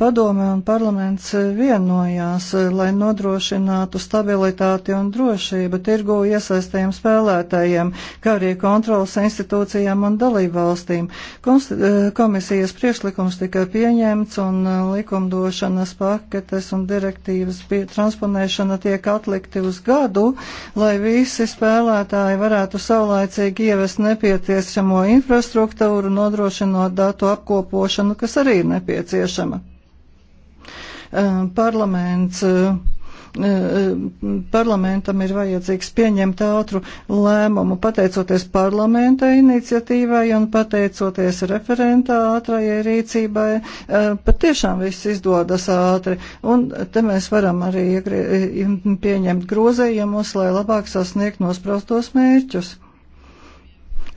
Padome un parlaments vienojās, lai nodrošinātu stabilitāti un drošību tirgu iesaistējiem spēlētājiem, kā arī kontrolas institūcijām un dalībvalstīm. Komisijas priekšlikums tika tika pieņemts un uh, likumdošanas paketes un direktīvas transponēšana tiek atlikti uz gadu, lai visi spēlētāji varētu saulēcīgi ievest nepieciešamo infrastruktūru, nodrošinot datu apkopošanu, kas arī ir nepieciešama. Uh, parlaments uh, E, e, parlamentam ir vajadzīgs pieņemt ātru lēmumu, pateicoties parlamenta iniciatīvai un pateicoties referentā ātrajai rīcībai. E, Patiešām viss izdodas ātri, un te mēs varam arī pieņemt grozējumus, lai labāk sasniegt nospraustos mērķus.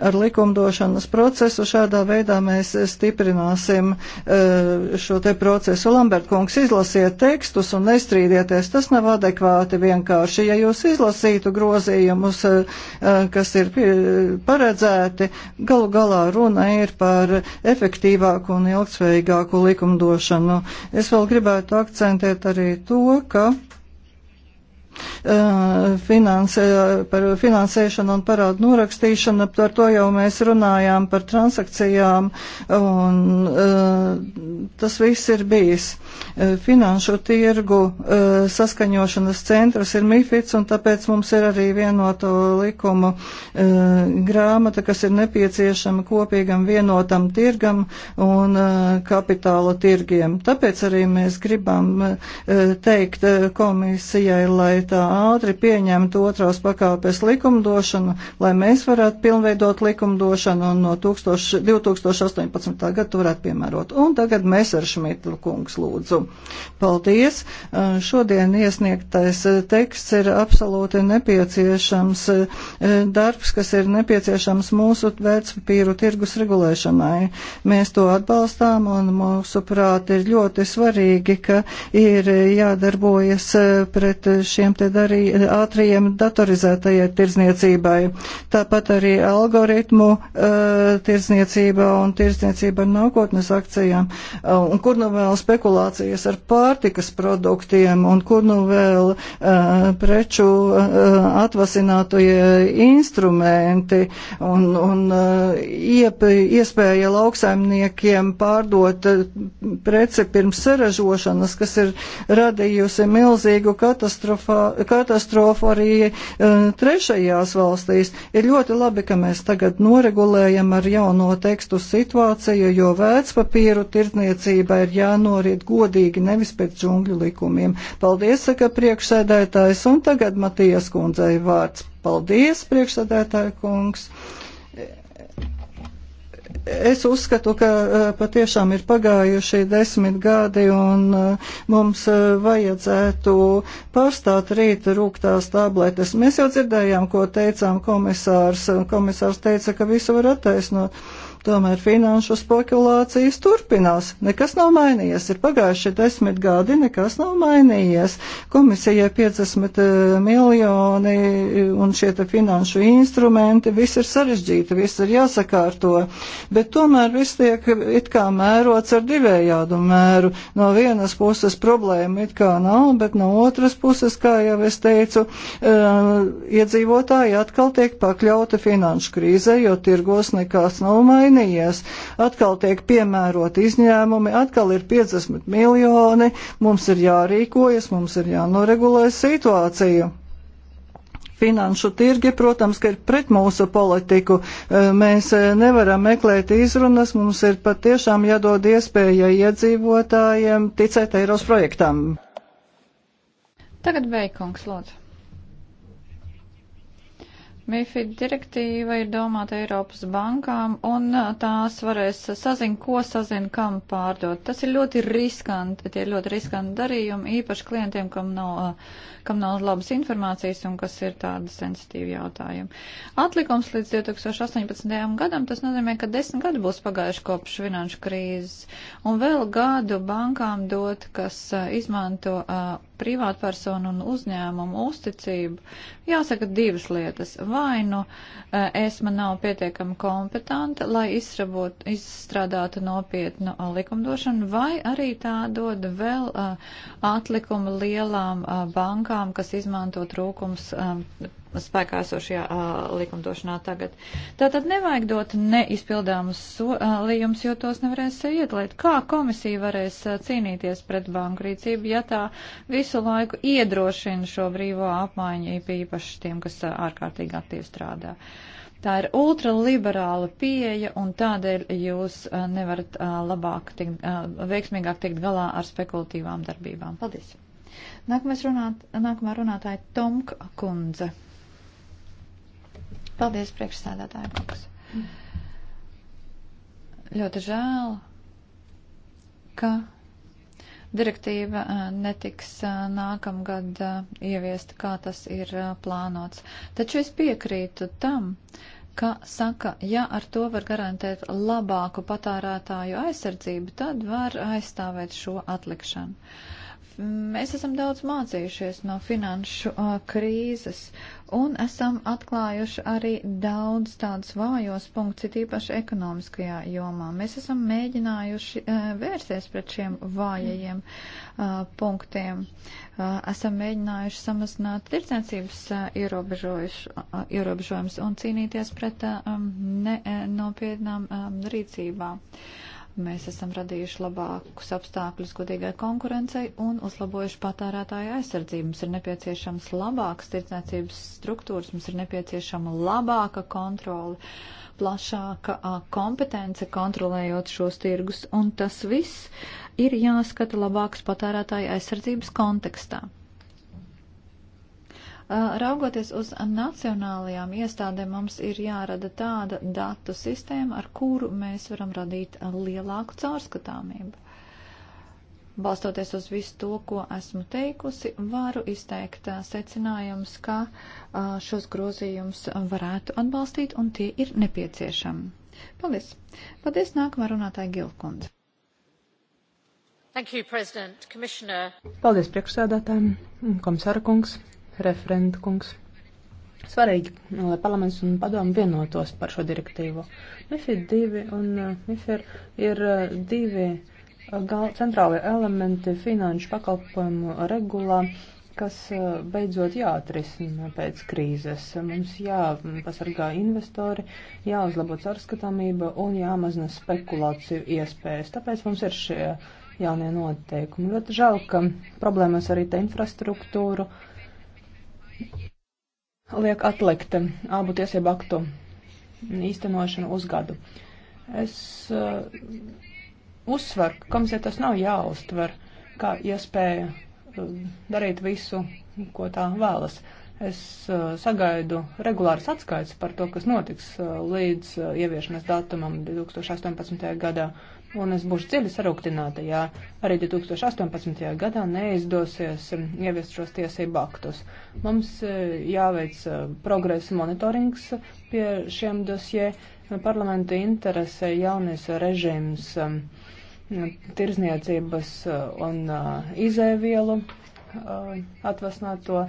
Ar likumdošanas procesu šādā veidā mēs stiprināsim eh, šo te procesu. Lambertkungs, izlasiet tekstus un nestrīdieties, tas nav adekvāti vienkārši. Ja jūs izlasītu grozījumus, eh, kas ir paredzēti, galu galā runa ir par efektīvāku un ilgtsveigāku likumdošanu. Es vēl gribētu akcentēt arī to, ka Eh, finansē, eh, par finansēšanu un parādu norakstīšanu, par to jau mēs runājām, par transakcijām, un eh, tas viss ir bijis. Finanšu tirgu saskaņošanas centrs ir MIFITS, un tāpēc mums ir arī vienoto likumu grāmata, kas ir nepieciešama kopīgam vienotam tirgam un kapitāla tirgiem. Tāpēc arī mēs gribam teikt komisijai, lai parlamentā ātri pieņemtu otrās pakāpes likumdošanu, lai mēs varētu pilnveidot likumdošanu un no 1000, 2018. gada to varētu piemērot. Un tagad mēs ar Šmitlu kungs lūdzu. Paldies! Šodien iesniegtais teksts ir absolūti nepieciešams darbs, kas ir nepieciešams mūsu vērtspapīru tirgus regulēšanai. Mēs to atbalstām un mūsuprāt ir ļoti svarīgi, ka ir jādarbojas pret šiem šiem te darī, ātrajiem datorizētajai tirzniecībai. Tāpat arī algoritmu eh, tirzniecība un tirzniecība ar nākotnes akcijām. Eh, un kur nu vēl spekulācijas ar pārtikas produktiem un kur nu vēl eh, preču atvasinātie instrumenti un, un iep, iespēja lauksaimniekiem pārdot preci pirms saražošanas, kas ir radījusi milzīgu katastrofu katastrofu arī e, trešajās valstīs. Ir ļoti labi, ka mēs tagad noregulējam ar jauno tekstu situāciju, jo vērtspapīru tirdzniecība ir jānorit godīgi, nevis pēc džungļu likumiem. Paldies, saka priekšsēdētājs, un tagad Matijas kundzei vārds. Paldies, priekšsēdētāja kungs! Es uzskatu, ka eh, patiešām ir pagājuši desmit gadi un eh, mums eh, vajadzētu pārstāt rīt rūktās tabletes. Mēs jau dzirdējām, ko teicām komisārs. Komisārs teica, ka visu var attaisnot. Tomēr finanšu spekulācijas turpinās. Nekas nav mainījies. Ir pagājuši desmit gadi, nekas nav mainījies. Komisijai 50 eh, miljoni eh, un šie te finanšu instrumenti, viss ir sarežģīti, viss ir jāsakārto. Bet tomēr viss tiek it kā mērots ar divējādu mēru. No vienas puses problēma it kā nav, bet no otras puses, kā jau es teicu, eh, iedzīvotāji atkal tiek pakļauti finanšu krīzē, jo tirgos nekas nav mainījies mainījies. Atkal tiek piemērot izņēmumi, atkal ir 50 miljoni, mums ir jārīkojas, mums ir jānoregulē situācija finanšu tirgi, protams, ka ir pret mūsu politiku. E, mēs e, nevaram meklēt izrunas, mums ir patiešām jādod iespēja iedzīvotājiem ticēt Eiros projektam. Tagad Veikungs, lūdzu. MIFID direktīva ir domāta Eiropas bankām, un uh, tās varēs sazin, ko sazin, kam pārdot. Tas ir ļoti riskanti, tie ir ļoti riskanti darījumi, īpaši klientiem, kam nav uh, kam nav labas informācijas un kas ir tādi sensitīvi jautājumi. Atlikums līdz 2018. gadam, tas nozīmē, ka desmit gadi būs pagājuši kopš finanšu krīzes, un vēl gadu bankām dot, kas izmanto privātpersonu un uzņēmumu uzticību. Jāsaka divas lietas. Vai nu esma nav pietiekami kompetenta, lai izstrabot, izstrādātu nopietnu likumdošanu, vai arī tā dod vēl atlikumu lielām bankām, bankām, kas izmanto trūkums um, spēkā esošajā uh, likumdošanā tagad. Tātad nevajag dot neizpildāmus solījumus, uh, jo tos nevarēs uh, ietlēt. Kā komisija varēs cīnīties pret banku rīcību, ja tā visu laiku iedrošina šo brīvo apmaiņu, īpaši tiem, kas ārkārtīgi aktīvi strādā? Tā ir ultraliberāla pieeja, un tādēļ jūs nevarat labāk, tikt, veiksmīgāk tikt galā ar spekulatīvām darbībām. Paldies! Nākamais runāt, nākamā runātāja Tomka kundze. Paldies, priekšsēdētāja kungs. Ļoti žēl, ka direktīva eh, netiks eh, nākamgad eh, ieviesta, kā tas ir plānots. Taču es piekrītu tam, ka saka, ja ar to var garantēt labāku patārētāju aizsardzību, tad var aizstāvēt šo atlikšanu. Mēs esam daudz mācījušies no finanšu uh, krīzes un esam atklājuši arī daudz tādus vājos punktus, it īpaši ekonomiskajā jomā. Mēs esam mēģinājuši uh, vērsties pret šiem vājajiem uh, punktiem. Uh, esam mēģinājuši samazināt tirdzniecības uh, uh, ierobežojumus un cīnīties pret uh, um, nenopietnām uh, um, rīcībām. Uh, Mēs esam radījuši labākus apstākļus godīgai konkurencei un uzlabojuši patērētāju aizsardzību. Mums ir nepieciešams labāks tirdzniecības struktūras, mums ir nepieciešama labāka kontrole, plašāka kompetence kontrolējot šos tirgus, un tas viss ir jāskata labākas patērētāju aizsardzības kontekstā. Raugoties uz nacionālajām iestādēm, mums ir jārada tāda datu sistēma, ar kuru mēs varam radīt lielāku caurskatāmību. Balstoties uz visu to, ko esmu teikusi, varu izteikt secinājumus, ka šos grozījumus varētu atbalstīt un tie ir nepieciešami. Paldies! Paldies nākamā runātāja Gilkundze. Paldies priekšsēdētājiem, komisāra kungs referenta kungs. Svarīgi, lai parlaments un padomu vienotos par šo direktīvu. MIFID 2 un eh, MIFIR ir eh, divi eh, centrālie elementi finanšu pakalpojumu regulā, kas beidzot jāatrisina pēc krīzes. Mums jāpasargā investori, jāuzlabo caurskatāmība un jāmazina spekulāciju iespējas. Tāpēc mums ir šie jaunie noteikumi. Ļoti žēl, ka problēmas arī te infrastruktūru. Uh, liek atlikt um, abu tiesību aktu īstenošanu uz gadu. Es uh, uzsveru, ka komisija tas nav jāuztver kā iespēja uh, darīt visu, ko tā vēlas. Es uh, sagaidu regulāras atskaites par to, kas notiks uh, līdz uh, ieviešanas datumam 2018. gadā. Uh, un es būšu dziļi sarūktināta, ja arī 2018. gadā neizdosies um, ieviest šos tiesību aktus. Mums uh, jāveic uh, progresa monitorings pie šiem dosie. Parlamenta interesē jaunais režīms um, tirzniecības uh, un izēvielu atvasnāto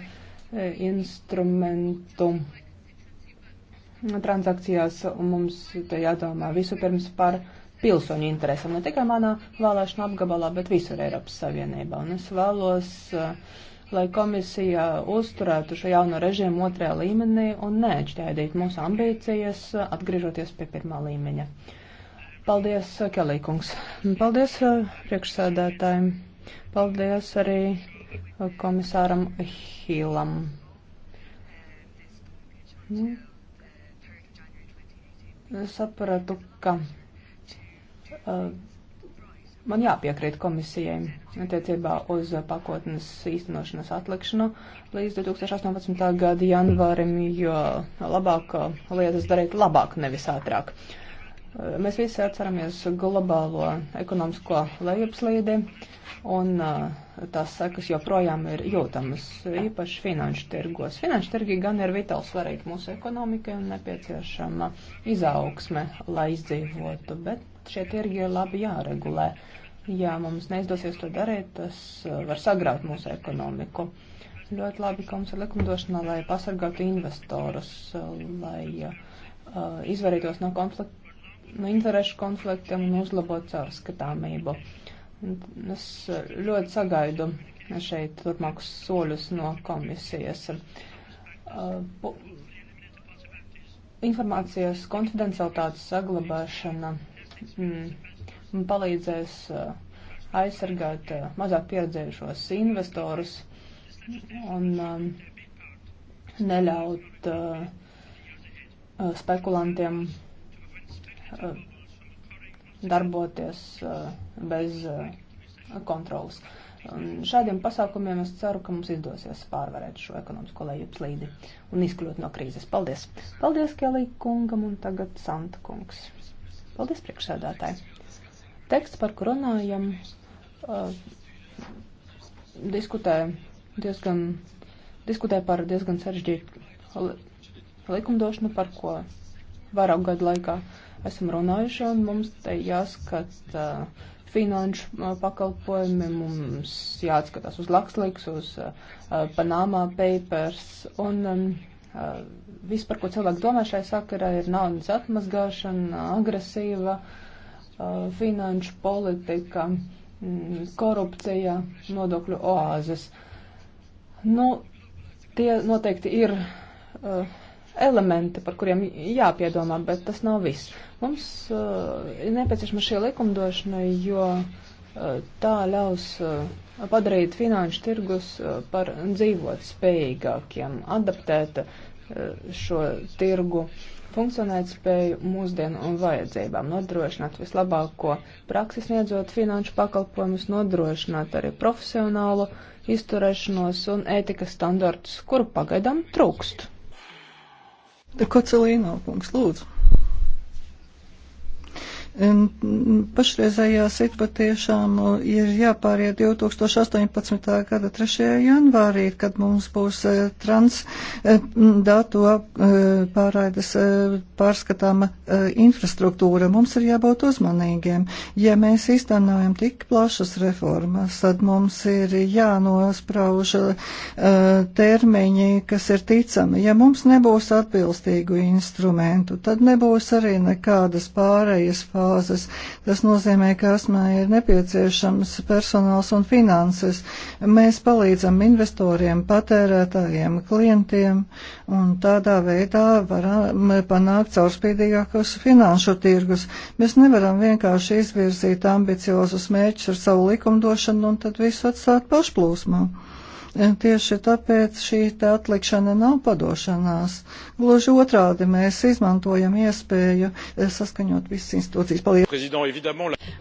instrumentu transakcijās. Mums te jādomā visu pirms par uh, pilsoņu interesēm, ne tikai manā vēlēšana apgabalā, bet visur Eiropas Savienībā. Un es vēlos, eh, lai komisija uzturētu šo jauno režīmu otrajā līmenī un neatšķēdīt mūsu ambīcijas, eh, atgriežoties pie pirmā līmeņa. Paldies, eh, Kelīkungs. Paldies priekšsēdētājiem. Paldies arī komisāram Hīlam. Nu, sapratu, ka Uh, man jāpiekrīt komisijai attiecībā uz pakotnes īstenošanas atlikšanu līdz 2018. gada janvārim, jo labāk uh, lietas darīt labāk, nevis ātrāk. Uh, mēs visi atceramies globālo ekonomisko lejupslīdi, un tās sekas joprojām ir jūtamas, īpaši finanšu tirgos. Finanšu tirgi gan ir vitāli svarīgi mūsu ekonomikai un nepieciešama izaugsme, lai izdzīvotu, bet šie tirgi ir labi jāregulē. Ja mums neizdosies to darīt, tas uh, var sagraut mūsu ekonomiku. Ļoti labi, ka mums ir likumdošana, lai pasargātu investorus, uh, lai uh, izvarītos no, konflikt, no interešu konfliktiem un uzlabotu caurskatāmību. Es uh, ļoti sagaidu šeit turpmākus soļus no komisijas. Uh, informācijas konfidencialitātes saglabāšana mm, palīdzēs uh, aizsargāt uh, mazāk pieredzējušos investorus un um, neļaut uh, uh, spekulantiem uh, darboties uh, bez uh, kontrolas. Un šādiem pasākumiem es ceru, ka mums izdosies pārvarēt šo ekonomisko lejupslīdi un izkļūt no krīzes. Paldies! Paldies, Kelī kungam un tagad Santa kungs! Paldies, priekšsēdētāji. Teksts, par kur runājam, uh, diskutē diezgan, diskutē par diezgan sarežģītu likumdošanu, par ko vairāk gadu laikā esam runājuši, un mums te jāskata uh, finanšu uh, pakalpojumi, mums jāatskatās uz Lakslīks, uz uh, Panama Papers, un um, Viss, par ko cilvēki domā šai sakarā, ir naudas atmazgāšana, agresīva finanšu politika, mm, korupcija, nodokļu oāzes. Nu, tie noteikti ir elementi, par kuriem jāpiedomā, bet tas nav viss. Mums uh, ir nepieciešama šī likumdošana, jo uh, tā ļaus uh, padarīt finanšu tirgus eh, par dzīvot spējīgākiem, adaptēt eh, šo tirgu funkcionēt spēju mūsdienu vajadzībām, nodrošināt vislabāko praksi sniedzot finanšu pakalpojumus, nodrošināt arī profesionālu izturēšanos un ētikas standartus, kuru pagaidām trūkst. Kocelīnā, kungs, lūdzu. Pašreizējā sit patiešām uh, ir jāpāriet 2018. gada 3. janvārī, kad mums būs uh, trans eh, datu eh, pārraides eh, pārskatāma infrastruktūra. Mums ir jābūt uzmanīgiem. Ja mēs iztenojam tik plašas reformas, tad mums ir jānosprauž termiņi, kas ir ticami. Ja mums nebūs atbilstīgu instrumentu, tad nebūs arī nekādas pārējas pārējas fāzes. Tas nozīmē, ka esmē ir nepieciešams personāls un finanses. Mēs palīdzam investoriem, patērētājiem, klientiem un tādā veidā varam panākt caurspīdīgākus finanšu tirgus. Mēs nevaram vienkārši izvirzīt ambiciozus mērķus ar savu likumdošanu un tad visu atstāt pašplūsmā. Tieši tāpēc šī atlikšana nav padošanās. Gluži otrādi mēs izmantojam iespēju eh, saskaņot visas institūcijas. Paldies!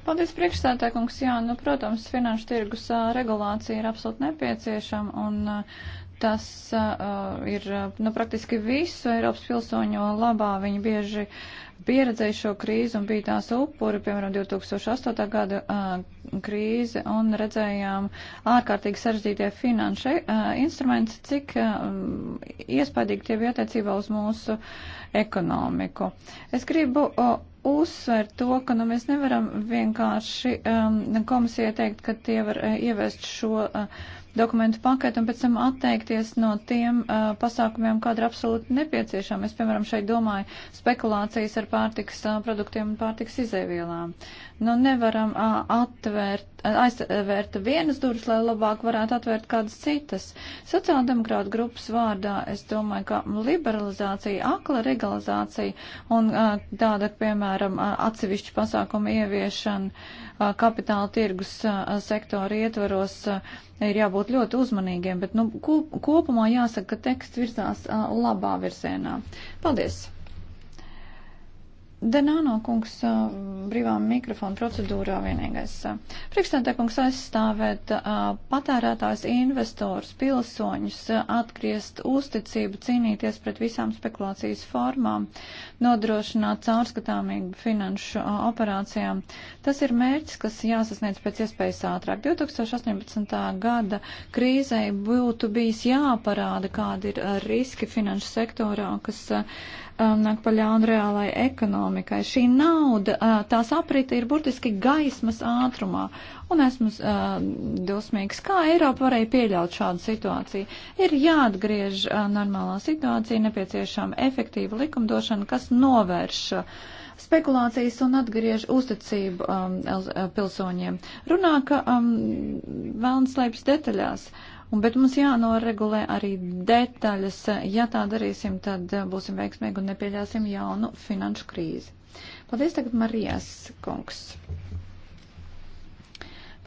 Paldies, priekšstādākums! Jā, nu, protams, finanšu tirgus regulācija ir absolūti nepieciešama un tas uh, ir nu, praktiski visu Eiropas pilsoņu labā. Viņi bieži uh, pieredzēju šo krīzi un bija tās upuri, piemēram, 2008. gada uh, krīze, un redzējām ārkārtīgi sarežģītie finanšu uh, instrumenti, cik um, iespaidīgi tie bija attiecībā uz mūsu ekonomiku. Es gribu uh, uzsver to, ka nu, mēs nevaram vienkārši um, komisijai teikt, ka tie var uh, ievest šo. Uh, dokumentu paketu un pēc tam atteikties no tiem uh, pasākumiem, kāda ir absolūti nepieciešama. Es, piemēram, šeit domāju spekulācijas ar pārtiks uh, produktiem un pārtiks izēvielām. Nu, nevaram atvērt, aizvērt vienas durvis, lai labāk varētu atvērt kādas citas. Sociāldemokrāta grupas vārdā es domāju, ka liberalizācija, akla legalizācija un tāda, piemēram, atsevišķu pasākumu ieviešana kapitāla tirgus sektora ietvaros ir jābūt ļoti uzmanīgiem, bet nu, kopumā jāsaka, ka teksts virzās labā virzienā. Paldies! Denāno kungs brīvā mikrofona procedūrā vienīgais. Priekšstādā kungs aizstāvēt patērētājs investors, pilsoņus, atgriezt uzticību, cīnīties pret visām spekulācijas formām, nodrošināt caurskatāmību finanšu operācijām. Tas ir mērķis, kas jāsasniedz pēc iespējas ātrāk. 2018. gada krīzei būtu bijis jāparāda, kādi ir riski finanšu sektorā, kas nāk paļā un reālai ekonomikai ekonomikai. Šī nauda, tās aprita ir burtiski gaismas ātrumā. Un esmu uh, dusmīgs, kā Eiropa varēja pieļaut šādu situāciju. Ir jāatgriež uh, normālā situācija, nepieciešama efektīva likumdošana, kas novērš uh, spekulācijas un atgriež uzticību um, pilsoņiem. Runā, ka um, vēlns leipjas detaļās. Uh, Un, bet mums jānoregulē arī detaļas. Ja tā darīsim, tad būsim veiksmīgi un nepieļāsim jaunu finanšu krīzi. Paldies tagad Marijas kungs.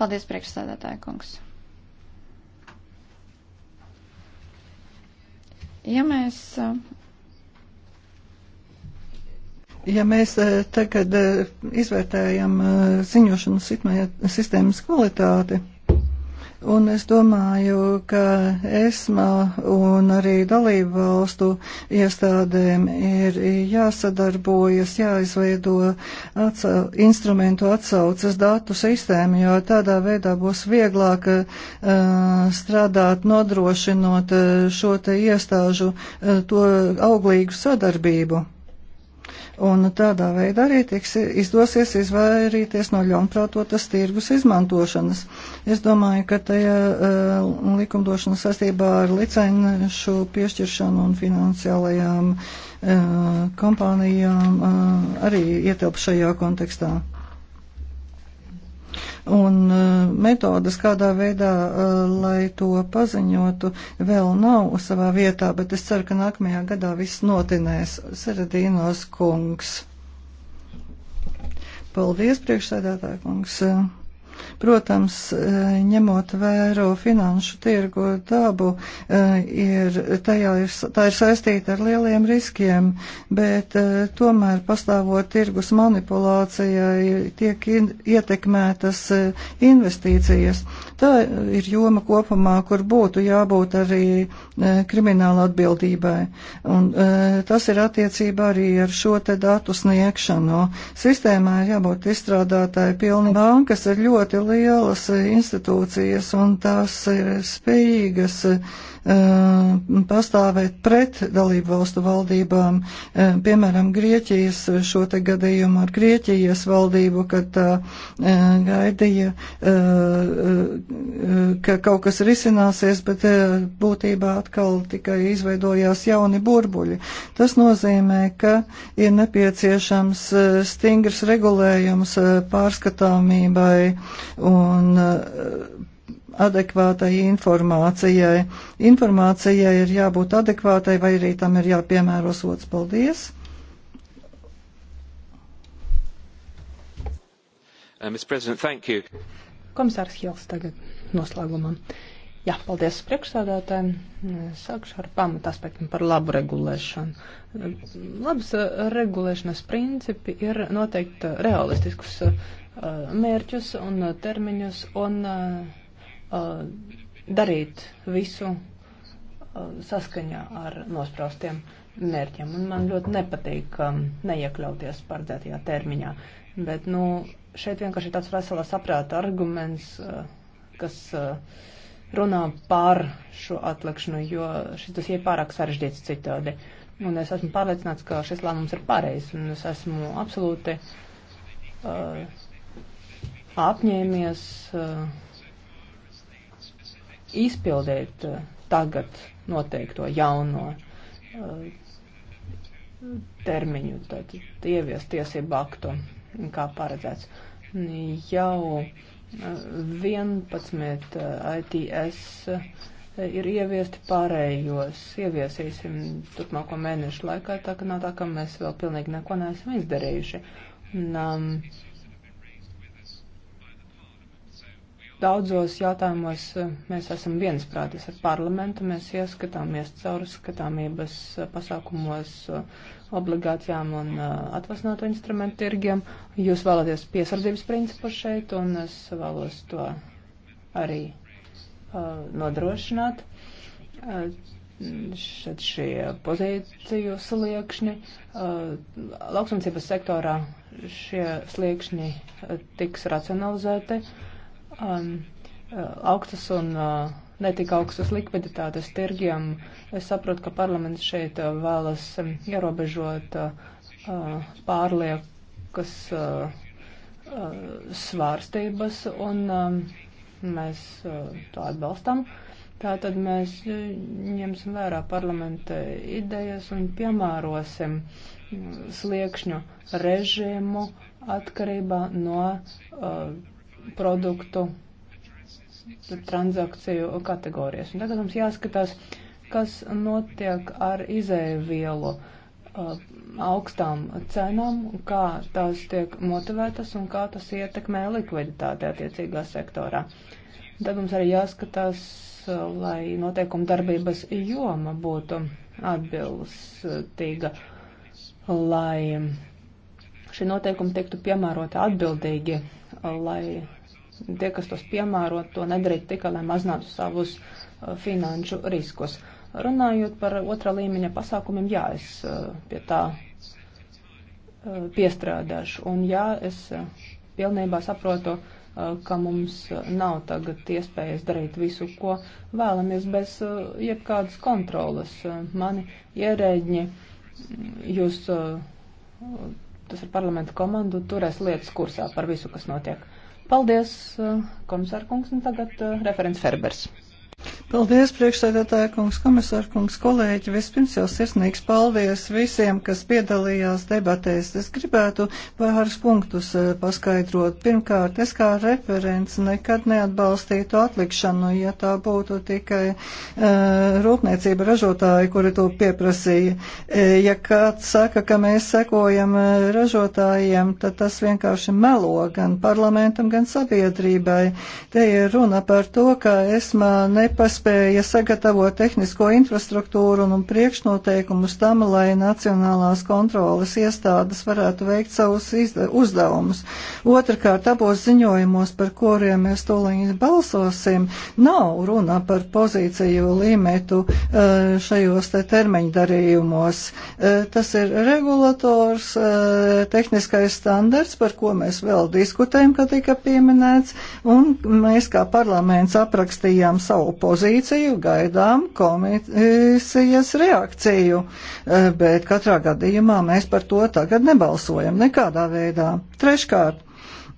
Paldies priekšsēdētāja kungs. Ja mēs Ja mēs eh, tagad eh, izvērtējam eh, ziņošanas sistēmas kvalitāti, Un es domāju, ka ESMA un arī dalību valstu iestādēm ir jāsadarbojas, jāizveido atsa instrumentu atsaucas datu sistēmu, jo tādā veidā būs vieglāk uh, strādāt, nodrošinot uh, šo te iestāžu uh, to auglīgu sadarbību. Un tādā veidā arī tiks izdosies izvairīties no ļaunprātotas tirgus izmantošanas. Es domāju, ka tajā uh, likumdošana saistībā ar licenšu piešķiršanu un finansiālajām uh, kompānijām uh, arī ietilp šajā kontekstā. Un uh, metodas, kādā veidā, uh, lai to paziņotu, vēl nav savā vietā, bet es ceru, ka nākamajā gadā viss notinēs. Seredīnos kungs. Paldies, priekšsēdētāj kungs. Protams, eh, ņemot vēro finanšu tirgu dabu, eh, ir, ir, tā ir saistīta ar lieliem riskiem, bet eh, tomēr pastāvot tirgus manipulācijai tiek ietekmētas investīcijas. Tā ir joma kopumā, kur būtu jābūt arī krimināla atbildībai. Un, tas ir attiecībā arī ar šo te datu sniegšanu. Sistēmā ir jābūt izstrādātāji pilni. Bankas ir ļoti ļoti lielas eh, institūcijas un tās ir spējīgas uh, Uh, pastāvēt pret dalību valstu valdībām, uh, piemēram, Grieķijas uh, šo te gadījumu ar Grieķijas valdību, kad tā gaidīja, ka kaut kas risināsies, bet būtībā atkal tikai izveidojās jauni burbuļi. Tas nozīmē, ka ir nepieciešams stingrs regulējums pārskatāmībai un adekvātai informācijai. Informācijai ir jābūt adekvātai vai arī tam ir jāpiemēro sots. Paldies! Uh, Komisārs Hils tagad noslēgumā. Jā, paldies priekšsādātājiem. Sākšu ar pamatu aspektu par labu regulēšanu. Labas uh, regulēšanas principi ir noteikti realistiskus uh, mērķus un termiņus un uh, uh, darīt visu uh, saskaņā ar nospraustiem mērķiem. Un man ļoti nepatīk um, neiekļauties paredzētajā termiņā. Bet, nu, šeit vienkārši tāds veselā saprāta arguments, uh, kas uh, runā pār šo atlikšanu, jo šis tas ir pārāk sarežģīts citādi. Un es esmu pārliecināts, ka šis lēmums ir pareizs, un es esmu absolūti uh, apņēmies. Uh, izpildīt eh, tagad noteikto jauno eh, termiņu, tad ievies tiesību aktu, kā paredzēts. Jau 11 eh, ITS ir ieviesti pārējos, ieviesīsim turpmāko mēnešu laikā, tā ka nav tā, ka mēs vēl pilnīgi neko neesam izdarījuši. Un, um, Daudzos jautājumos eh, mēs esam viensprātis ar parlamentu, mēs ieskatāmies caurskatāmības eh, pasākumos, eh, obligācijām un atvasināto instrumentu tirgiem. Jūs vēlaties piesardzības principu šeit, un es vēlos to arī uh, nodrošināt. Uh, šeit šie pozīciju sliekšņi. Lauksamcības sektorā šie sliekšņi tiks racionalizēti um, uh, augstus un uh, netika augstus likviditātes tirgiem. Es saprotu, ka parlaments šeit uh, vēlas um, ierobežot uh, uh, pārliekas uh, uh, svārstības, un uh, mēs uh, to atbalstam. Tātad mēs ņemsim vērā parlamenta idejas un piemērosim mm, sliekšņu režīmu atkarībā no uh, produktu transakciju kategorijas. Un tagad mums jāskatās, kas notiek ar izēvielu uh, augstām cenām, kā tās tiek motivētas un kā tas ietekmē likviditāti attiecīgā sektorā. Tad mums arī jāskatās, uh, lai noteikuma darbības joma būtu atbilstīga, lai šie noteikumi tiktu piemēroti atbildīgi lai tie, kas tos piemēro, to nedarītu tikai, lai mazinātu savus uh, finanšu riskus. Runājot par otrā līmeņa pasākumiem, jā, es uh, pie tā uh, piestrādāšu. Un jā, es pilnībā saprotu, ka mums nav tagad iespējas darīt visu, ko vēlamies, bez jebkādas kontrolas. Mani ierēģi, mm, jūs tas ir parlamenta komanda, turēs lietas kursā par visu, kas notiek. Paldies, eh, komisārkungs, un tagad eh, referents Ferbers. Paldies, priekšsēdētāja kungs, komisāra kungs, kolēģi. Vispirms jau sirsnīgs paldies visiem, kas piedalījās debatēs. Es gribētu pāris punktus eh, paskaidrot. Pirmkārt, es kā referents nekad neatbalstītu atlikšanu, ja tā būtu tikai uh, rūpniecība ražotāji, kuri to pieprasīja. Eh, ja kāds saka, ka mēs sekojam ražotājiem, tad tas vienkārši melo gan parlamentam, gan sabiedrībai. Te ir runa par to, ka esmā ne nepaspēja sagatavot tehnisko infrastruktūru un priekšnoteikumus tam, lai nacionālās kontrolas iestādes varētu veikt savus uzdevumus. Otrakārt, abos ziņojumos, par kuriem mēs tūlīt balsosim, nav runa par pozīciju līmetu eh, šajos te termiņu darījumos. Eh, tas ir regulators, eh, tehniskais standarts, par ko mēs vēl diskutējam, kā tika pieminēts, un mēs kā parlaments aprakstījām savu savu pozīciju, gaidām komisijas reakciju, eh, bet katrā gadījumā mēs par to tagad nebalsojam nekādā veidā. Treškārt.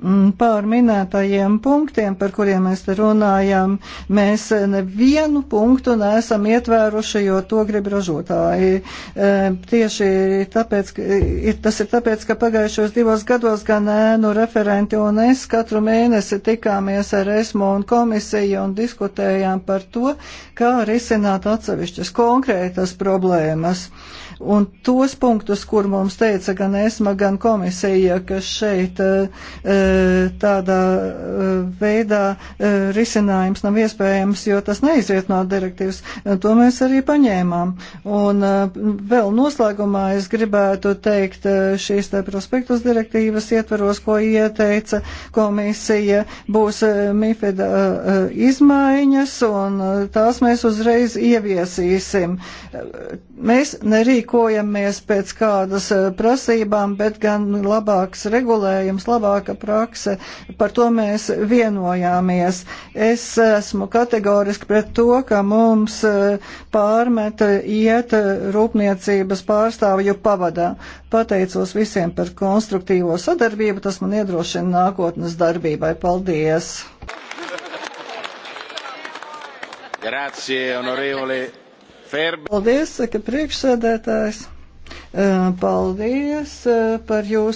Mm, pār minētajiem punktiem, par kuriem mēs te runājam, mēs nevienu punktu neesam ietvēruši, jo to grib ražotāji. E, tieši tāpēc, tas ir tāpēc, ka pagājušos divos gados gan ēnu referenti un es katru mēnesi tikāmies ar ESMO un komisiju un diskutējām par to, kā risināt atsevišķas konkrētas problēmas. Uh, Un tos punktus, kur mums teica gan ESMA, gan komisija, ka šeit eh, eh, tādā eh, veidā risinājums nav iespējams, jo tas neiziet no direktīvas, to mēs arī paņēmām. Un vēl noslēgumā es gribētu teikt šīs te prospektus direktīvas ietveros, ko ieteica komisija, būs MIFID izmaiņas un tās mēs uzreiz ieviesīsim. Mēs nerīkojamies nesekojamies pēc kādas eh, prasībām, bet gan labāks regulējums, labāka prakse. Par to mēs vienojāmies. Es esmu kategoriski pret to, ka mums eh, pārmeta iet eh, rūpniecības pārstāvju pavadā. Pateicos visiem par konstruktīvo sadarbību, tas man iedrošina nākotnes darbībai. Paldies! Grazie, onorevole. Ferber. Paldies, saka priekšsēdētājs. Paldies par jūsu.